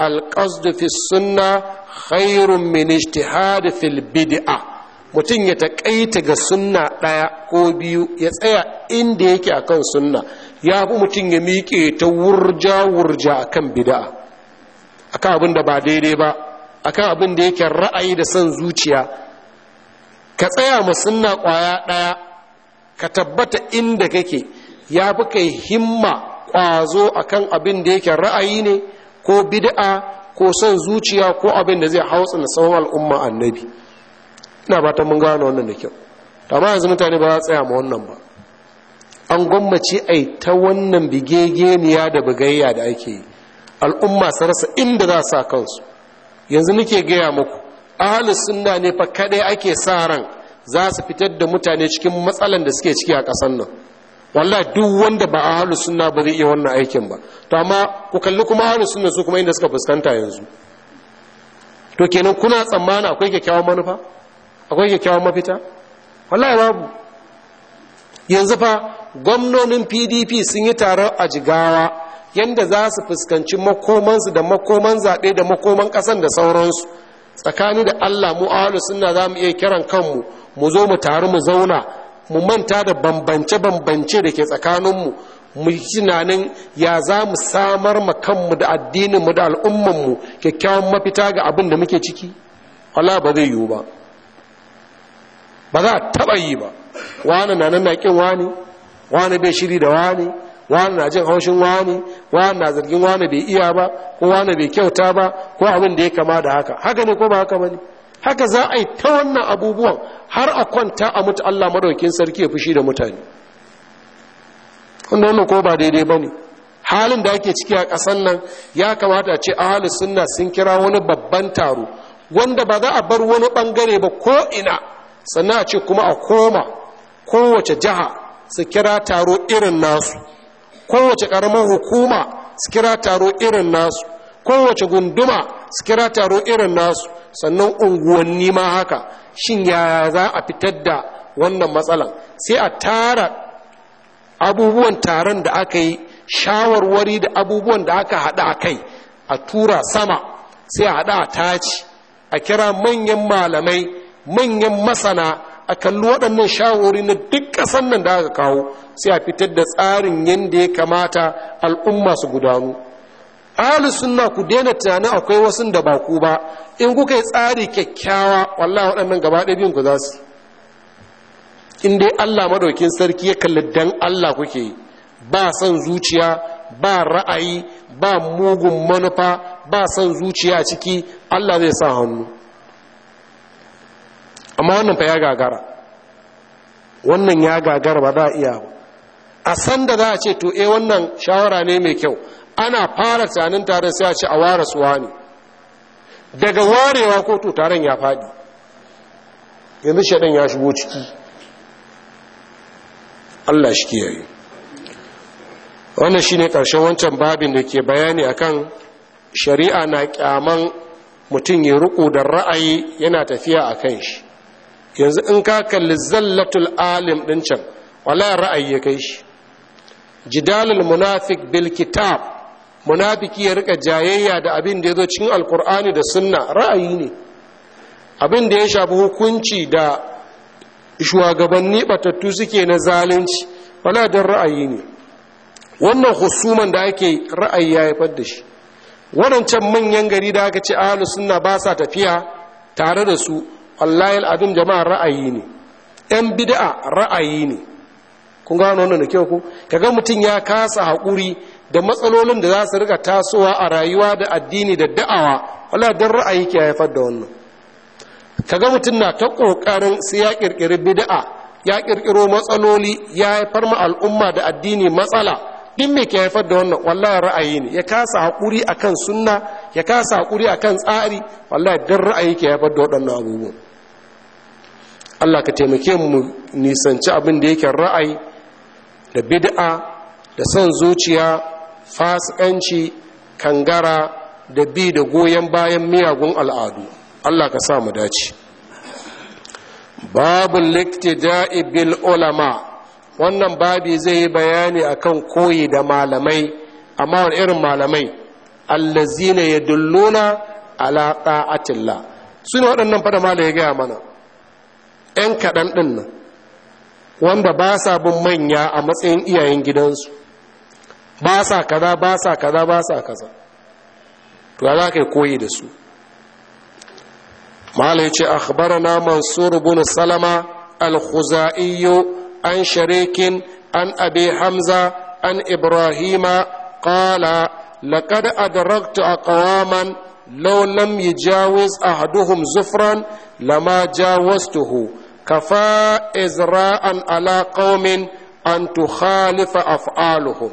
القصد في السنة خير من اجتهاد في البدعة mutum ya taƙaita ga sunna ɗaya ko biyu ya tsaya inda yake a kan sunna ya fi mutum ya miƙe ta wurja-wurja a kan bida'a a kan abin da ba daidai ba akan abin da yake ra'ayi da son zuciya ka tsaya ma sunna kwaya ɗaya ka tabbata inda kake ya fi kai himma kwazo akan abin da yake ra'ayi ne ko bid'a ko son zuciya ko abin da zai hausa na tsawon al'umma annabi ina ba ta mun gano wannan da kyau amma yanzu mutane ba za tsaya ma wannan ba an gwammace ai ta wannan bigegeniya da bugayya da ake yi al'umma su rasa inda za sa kansu yanzu nike gaya muku ahalus sunna ne fa kadai ake sa ran za su fitar da mutane cikin matsalan da suke ciki a ƙasar nan wallahi duk wanda ba ahalus sunna ba zai iya wannan aikin ba to amma ku kalli kuma ahalus sunna su kuma inda suka fuskanta yanzu to kenan kuna tsammana akwai kyakkyawan manufa akwai kyakkyawan mafita wallahi babu yanzu fa gwamnonin pdp sun yi taron ajigawa Yadda za su fuskanci makomansu da makoman zaɓe da makoman ƙasan da sauransu tsakani da allah mu ahalu sunna za mu iya kiran kanmu mu zo mu taru mu zauna mu manta da bambance-bambance da ke tsakaninmu mu yi tunanin ya za mu samar ma kanmu da addininmu da al'ummanmu kyakkyawan mafita ga abin da muke ciki wala ba zai yiwu ba ba za a taɓa yi ba wani na nan na ƙin wani wani bai shiri da wani wani na jin haushin wani wani na zargin wani bai iya ba ko wani bai kyauta ba ko abin da ya kama da haka haka ne ko ba haka bane haka za a yi ta wannan abubuwan har a kwanta a mutu Allah madaukin sarki ya fushi da mutane wannan ko ba daidai bane halin da ake ciki a ƙasan nan ya kamata a ce ahalus sunna sun kira wani babban taro wanda ba za a bar wani bangare ba ko ina sannan a ce kuma a koma kowace jiha su kira taro irin nasu kowace ƙaramar hukuma su kira taro irin nasu kowace gunduma su kira taro irin nasu sannan unguwanni ma haka shin ya za a fitar da wannan matsalan sai a tara abubuwan taron da aka yi shawarwari da abubuwan da aka haɗa a kai a tura sama sai a haɗa a taci a kira manyan malamai manyan masana a kalli waɗannan shawori na duk ƙasan nan da aka kawo sai a fitar da tsarin yadda ya kamata al'umma su gudanu ahalus sunna ku daina tunanin akwai wasu da ba ku ba in kuka yi tsari kyakkyawa wallah waɗannan gaba ɗaya biyun ku za su in dai Allah madaukin sarki ya kalli dan Allah kuke ba son zuciya ba ra'ayi ba mugun manufa ba son zuciya ciki Allah zai sa hannu amma wannan fa ya gagara wannan ya gagara ba za a iya ba a sanda za a ce to e wannan shawara ne mai kyau ana fara tsanin taron sai a ce a ware suwa ne daga warewa ko to taron ya faɗi yanzu shaɗan ya shigo ciki allah shi kiyaye wannan shine ƙarshen wancan babin da ke bayani akan shari'a na ƙyaman mutum ya ruku da ra'ayi yana tafiya a kan shi yanzu in ka kalli zallatul alim din can wala ra'ayi ya kai shi jidalul munafik bil kitab munafiki ya rika jayayya da abin da ya zo cikin alkur'ani da sunna ra'ayi ne abin da ya shafi hukunci da shugabanni batattu suke na zalunci wala don ra'ayi ne wannan husuman da ake ra'ayi ya haifar da shi Wannan can manyan gari da aka ce ahlus sunna ba sa tafiya tare da su wallahi abin jama'a ra'ayi ne yan bid'a ra'ayi ne kun gano wannan da kyau ko kaga mutum ya kasa haƙuri da matsalolin da za su rika tasowa a rayuwa da addini da da'awa wallahi dan ra'ayi ke haifar da wannan kaga mutum na ta ƙoƙarin sai ya ƙirƙiri bid'a ya ƙirƙiro matsaloli ya haifar ma al'umma da addini matsala din me ke haifar da wannan wallahi ra'ayi ne ya kasa hakuri akan sunna ya kasa a akan tsari wallahi dan ra'ayi ke haifar da waɗannan abubuwa. Allah ka taimake mu nisanci abin da yake ra'ayi da bid'a da son zuciya fasikanci kangara da bi da goyon bayan miyagun al'adu Allah ka sa mu dace babu liktida'i bil ulama wannan babi zai yi bayani akan koyi da malamai amma wani irin malamai allazina yadulluna ala ta'atillah sune waɗannan fada malai ya gaya mana 'yan kaɗan ɗin nan wanda ba sa bin manya a matsayin iyayen gidansu ba sa kaza ba sa kaza ba sa kaza to za ka yi koyi da su mala ya ce na mansur bin salama al-khuza'iyyu an sharikin an abi hamza an ibrahima qala laqad adraktu aqwaman law lam yajawiz ahaduhum zufran lama jawaztuhu kafa izra'an ala qaumin an tukhalifa af'aluhum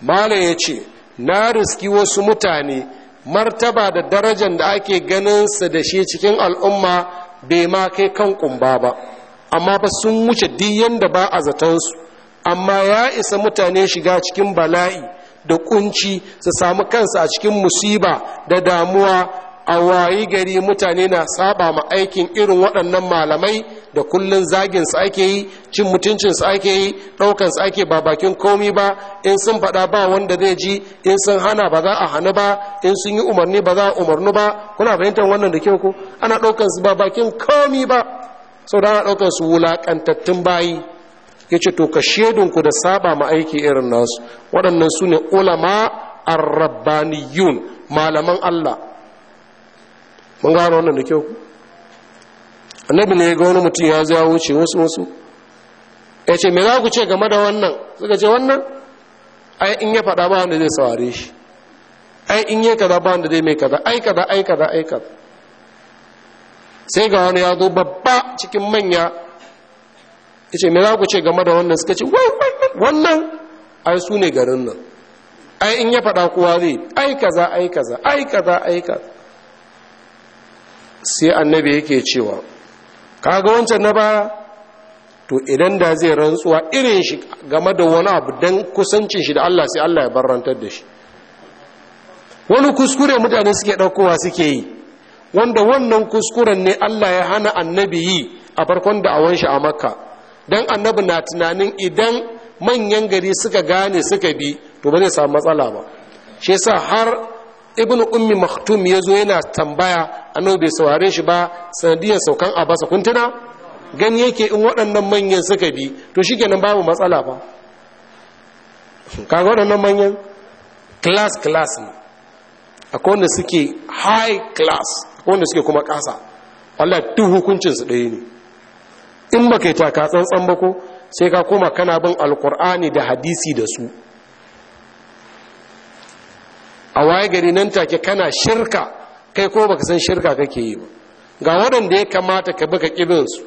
malam ya ce na riski wasu mutane martaba da darajar da ake ganin su da shi cikin al'umma bai ma kai kan kumba ba amma ba sun wuce diyan da ba a su amma ya isa mutane shiga cikin bala'i da kunci su samu kansu a cikin musiba da damuwa a wayi gari mutane na saba ma aikin irin waɗannan malamai da kullun zagin su ake yi cin mutuncin su ake yi ɗaukansu su ake ba bakin komi ba in sun faɗa ba wanda zai ji in sun hana ba za a hana ba in sun yi umarni ba za a umarni ba kuna fahimtar wannan da kyau ko ana ɗaukan su ba komi ba sau da ana ɗaukan su wulakantattun bayi ce to ka shedunku da saba ma aiki irin nasu waɗannan su ne ulama arrabbaniyun malaman Allah mun gano wannan da kyau annabi ne ga wani mutum ya zuwa wuce wasu wasu ya ce me za ku ce game da wannan suka ce wannan ai in ya faɗa ba wanda zai saware shi ai in yi kaza ba wanda zai mai kaza ai kaza ai kaza ai kaza sai ga wani ya zo babba cikin manya ya ce me za ku ce game da wannan suka ce wannan ai su ne garin nan ai in ya faɗa kowa zai ai kaza ai kaza ai kaza ai kaza sai annabi yake cewa kaga wancan na baya to idan da zai rantsuwa irin shi game da wani abu don kusancin shi da Allah sai Allah ya barrantar da shi wani kuskure mutane suke ɗaukowa suke yi wanda wannan kuskuren ne Allah ya hana annabi yi a farkon da'awan shi a makka don annabi na tunanin idan manyan gari suka gane suka bi to ba zai samu matsala ba shi yasa har Ibn ummi maktum ya zo yana tambaya annabi bai saurare shi ba sanadiyar saukan a basa kuntuna gani yake in waɗannan manyan suka bi to shi kenan babu matsala ba kaga waɗannan manyan class class ne akwai wanda suke high class akwai wanda suke kuma ƙasa wallah duk hukuncinsu ɗaya ne in ba kai taka tsantsan ba ko sai ka koma kana bin alkur'ani da hadisi da su a waye gari nan take kana shirka kai ko baka san shirka kake yi ba ga waɗanda ya kamata ka baka su,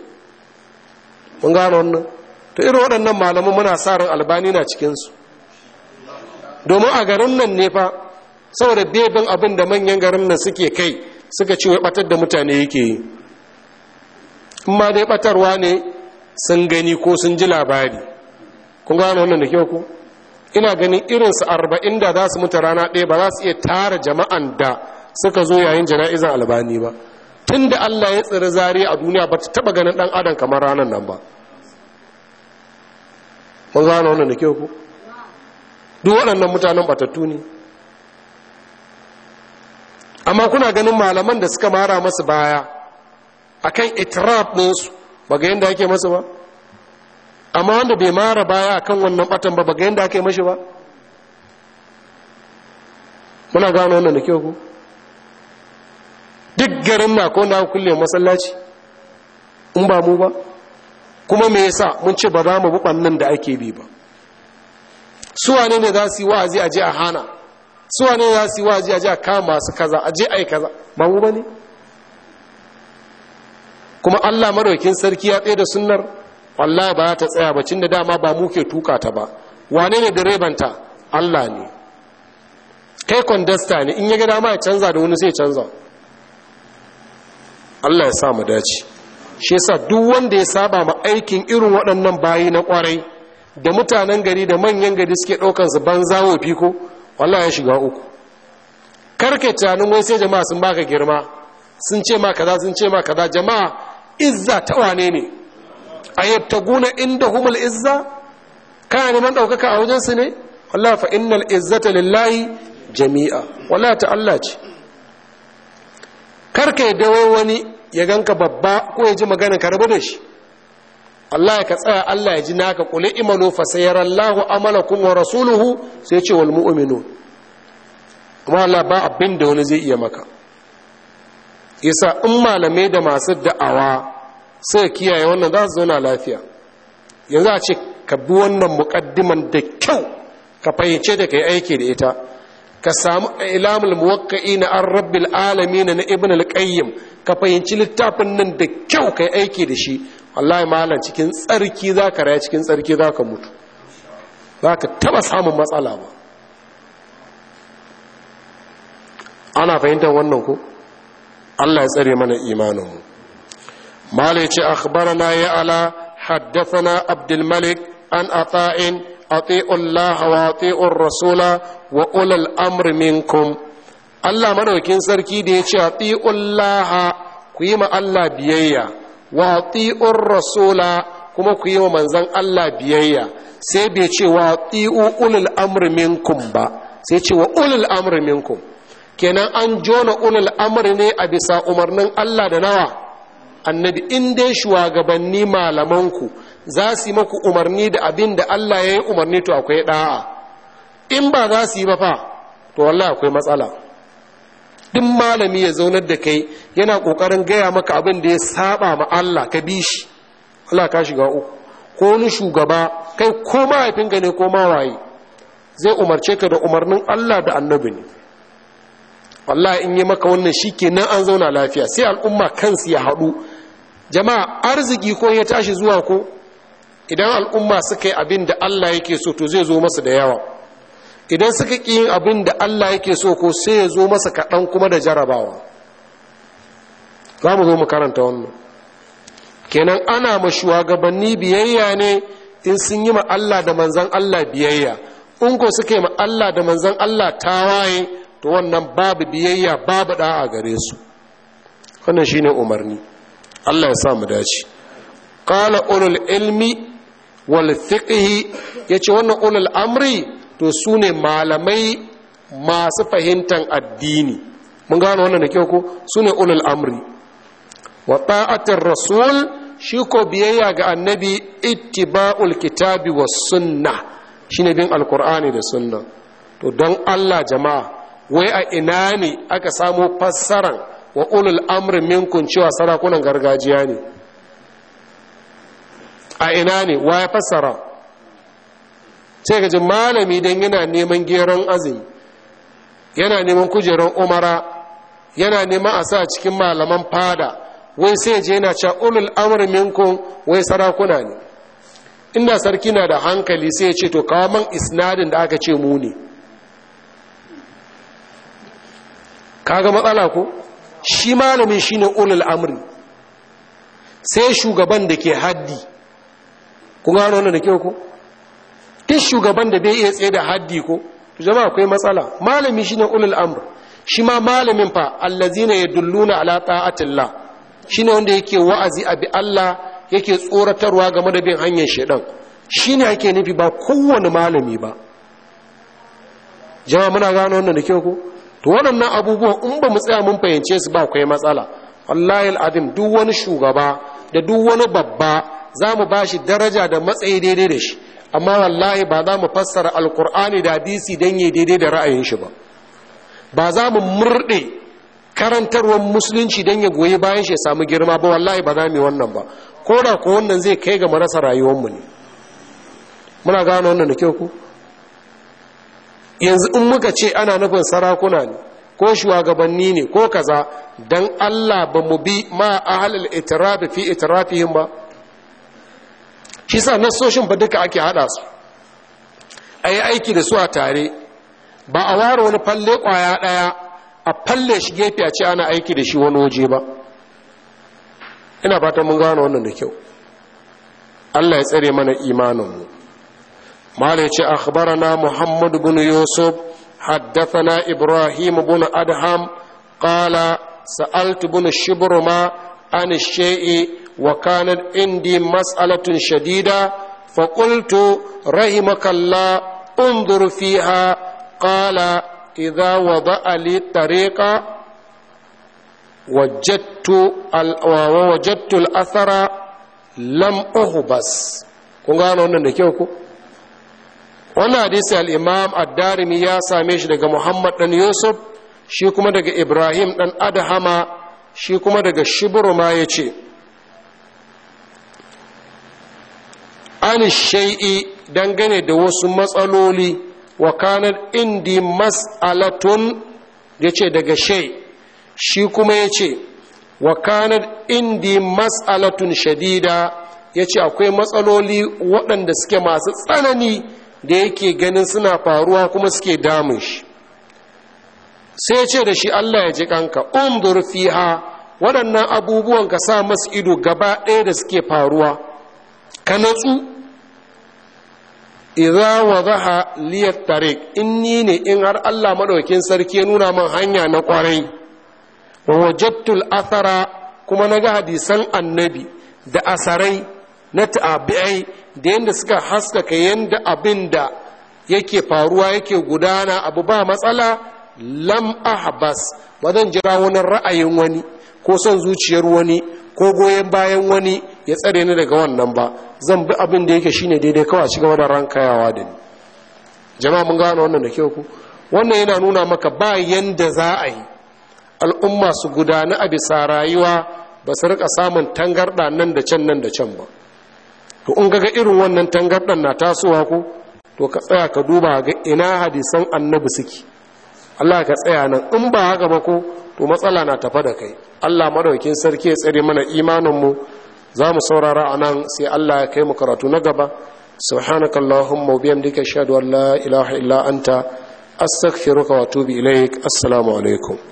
mun gano wannan to irin waɗannan malaman muna sa ran albani na cikinsu domin a garin nan ne fa saboda bebin abin da manyan garin nan suke kai suka ci wai batar da mutane yake yi in ma dai batarwa ne sun gani ko sun ji labari kun gano wannan da kyau ko ina ganin irinsu arba'in da za su mutu rana ɗaya ba za su iya tara jama'an da suka zo yayin jana'iza albani ba tun da allah ya tsiri zari a duniya ba ta taba ganin ɗan adam kamar ranar nan ba mun gano wannan da kyau ku duk waɗannan mutanen batattu ne amma kuna ganin malaman da suka mara masu baya akan itiraf ɗinsu ba ga yadda ake masu ba amma wanda bai mara baya akan wannan batan ba ba ga yadda ake mashi ba muna gano wannan da kyau ku duk garin na ko na kulle masallaci in ba mu ba kuma me yasa mun ce ba za mu bukwan nan da ake bi ba su wane ne za su yi wa'azi a je a hana su ne za su yi wa'azi a je a kama masu kaza a je a yi kaza ba mu ba ne kuma Allah maraukin sarki ya tsaye da sunnar wallahi ba ta tsaya ba cin da dama ba mu ke tuka ta ba wane ne direbanta Allah ne kai kwandasta ne in ya ga dama ya canza da wani sai ya canza Allah ya sa mu dace shi yasa duk wanda ya saba ma aikin irin waɗannan bayi na kwarai da mutanen gari da manyan gari suke ɗaukar su banza wa fiko wallahi ya shiga uku karke tunanin wai sai jama'a sun baka girma sun ce ma kaza sun ce ma kaza jama'a izza ta wane ne ayyabtaguna inda humul izza kana neman ɗaukaka a wajen su ne wallahi fa innal izzata lillahi jami'a wallahi ta Allah ce karka yi dawo wani ya ganka babba ko ya ji magana ka rabu da shi Allah ka tsaya Allah ya ji naka kuli imalu fa sayarallahu amalakum wa rasuluhu sai ce wal mu'minu kuma Allah ba abin da wani zai iya maka yasa in malamai da masu da'awa sai kiyaye wannan za su zauna lafiya yanzu a ce ka bi wannan muƙaddiman da kyau ka fahimce da ka yi aiki da ita ka samu ilamul muwakka'ina an rabbil alamin na ibn al ka fahimci littafin nan da kyau ka aiki da shi wallahi malam cikin tsarki zaka raya cikin tsarki ka mutu ka taba samun matsala ba ana fahimtar wannan ko Allah ya tsare mana imanin mu malai ce akhbarana ya ala haddathana abdul malik an ata'in ati'u Allah wa rasula wa ulal amri minkum Allah madaukin sarki da ya ce ati'u Allah ku yi ma Allah biyayya wa ati'u rasula kuma ku yi ma manzon Allah biyayya sai bai ce wa ati'u ulul amri minkum ba sai ce wa ulal amri minkum kenan an jona ulul amri ne a bisa umarnin Allah da nawa annabi in dai shugabanni malamanku za su yi maku umarni da abin da Allah ya yi umarni to akwai ɗa'a in ba za su yi ba fa to wallah akwai matsala duk malami ya zaunar da kai yana ƙoƙarin gaya maka abin da ya saba ma Allah ka bi shi Allah ka shiga uku ko wani shugaba kai ko mahaifinka ne ko mawaye zai umarce ka da umarnin Allah da annabi ne wallahi in yi maka wannan nan an zauna lafiya sai al'umma kansu ya haɗu jama'a arziki ko ya tashi zuwa ko idan al'umma suka yi abin da Allah yake so to zai zo masa da yawa idan suka ƙi yin abin da Allah yake so ko sai ya zo masa kaɗan kuma da jarabawa za mu zo mu karanta wannan kenan ana ma shugabanni biyayya ne in sun yi ma Allah da manzan Allah biyayya in ko suka yi ma Allah da manzan Allah tawaye to wannan babu biyayya babu da'a gare su wannan shine umarni Allah ya sa mu dace Kala ulul ilmi wal ya ce wannan ulul amri to su ne malamai masu fahimtar addini mun gano wannan da kyau ko su ne ulul amri wa ta'atir rasul shi ko biyayya ga annabi ittiba'ul kitabi was sunna shine bin alqur'ani da sunna to don Allah jama'a wai a ina ne aka samo fassaran wa ulul amri minkum cewa sarakunan gargajiya ne a ina ne wa ya fassara sai ka malami don yana neman geron azumi yana neman kujerar umara yana neman a sa cikin malaman fada wai sai je yana cewa ulul amur minkum wai sarakuna ne inda sarki na da hankali sai ya ce to kawo man isnadin da aka ce muni ne kaga matsala ko shi malamin shine ulul amri sai shugaban da ke haddi kun gano wannan da kyau ko duk shugaban da bai iya tsaye da haddi ko to jama'a akwai matsala malami shine ulul amr shi ma malamin fa allazina yadulluna ala ta'atillah shine wanda yake wa'azi abi Allah yake tsoratarwa game da bin hanyar shedan shine ake nufi ba kowanne malami ba jama'a muna gano wannan da kyau ko to waɗannan abubuwan in ba mu tsaya mun fahimce su ba akwai matsala wallahi al'adim duk wani shugaba da duk wani babba za mu ba shi daraja da matsayi daidai da shi amma wallahi ba za mu fassara alkur'ani da hadisi don yi daidai da ra'ayin shi ba ba za mu murɗe karantarwar musulunci don ya goyi bayan shi ya samu girma ba wallahi ba za mu yi wannan ba ko da ko wannan zai kai ga marasa rayuwarmu ne muna gano wannan da kyau ku yanzu in muka ce ana nufin sarakuna ne ko shugabanni ne ko kaza dan Allah ba mu bi ma ahlul itirafi fi itirafihim ba shi sa nasoshin ba duka ake hada su a yi aiki da su a tare ba a ware wani falle kwaya daya a falle shi gefe a ce ana aiki da shi wani waje ba ina fatan mun gano wannan da kyau Allah ya tsare mana imaninmu mala ce akhbarana Muhammadu bin yusuf haddathana ibrahim bin adham qala sa'altu bin shibruma an shay'i Wakanan kanat indi mas'alatun shadida fa qultu rahimakallah انظر فيها قال إذا وضع لي طريقة وجدت ووجدت الأثر لم أهبس kun gano wannan da kyau ku wannan hadisi al-imam ad ya same shi daga muhammad ɗan yusuf shi kuma daga ibrahim ɗan adhama shi kuma daga shibru ma yace an shai'i dangane da wasu matsaloli wa kanar indi mas'alatun ya ce daga shai shi kuma ya ce wa kanar indi mas'alatun shadida ya ce akwai matsaloli waɗanda suke masu tsanani da yake ganin suna faruwa kuma suke damun shi sai ya ce da shi allah ya ji kanka umdur fiha waɗannan abubuwan ka sa masu ido gaba ɗaya da suke faruwa ka natsu idza wadaha liyat tariq inni ne in har Allah madaukin sarki ya nuna min hanya na kwarai wa Asara athara kuma naga hadisan annabi da asarai na tabi'ai da yanda suka haskaka yanda abinda yake faruwa yake gudana abu ba matsala lam ahbas ba zan jira wani ra'ayin wani ko son zuciyar wani ko goyon bayan wani ya tsare ni daga wannan ba zan bi abin da yake shine daidai kawai ci gaba da kayawa da ni jama'a mun gano wannan da kyau ku wannan yana nuna maka ba yanda za a yi al'umma su gudana a bisa rayuwa ba su rika samun tangarda nan da can nan da can ba to in ga irin wannan tangardan na tasowa ku to ka tsaya ka duba ga ina hadisan annabi suke Allah ka tsaya nan in ba haka ba ko to matsala na tafa da kai Allah madaukin sarki ya tsare mana imanin mu za mu saurara a nan sai Allah ya kai mu karatu na gaba subhanaka allahumma wa bihamdika ashhadu an la ilaha illa anta astaghfiruka wa assalamu alaikum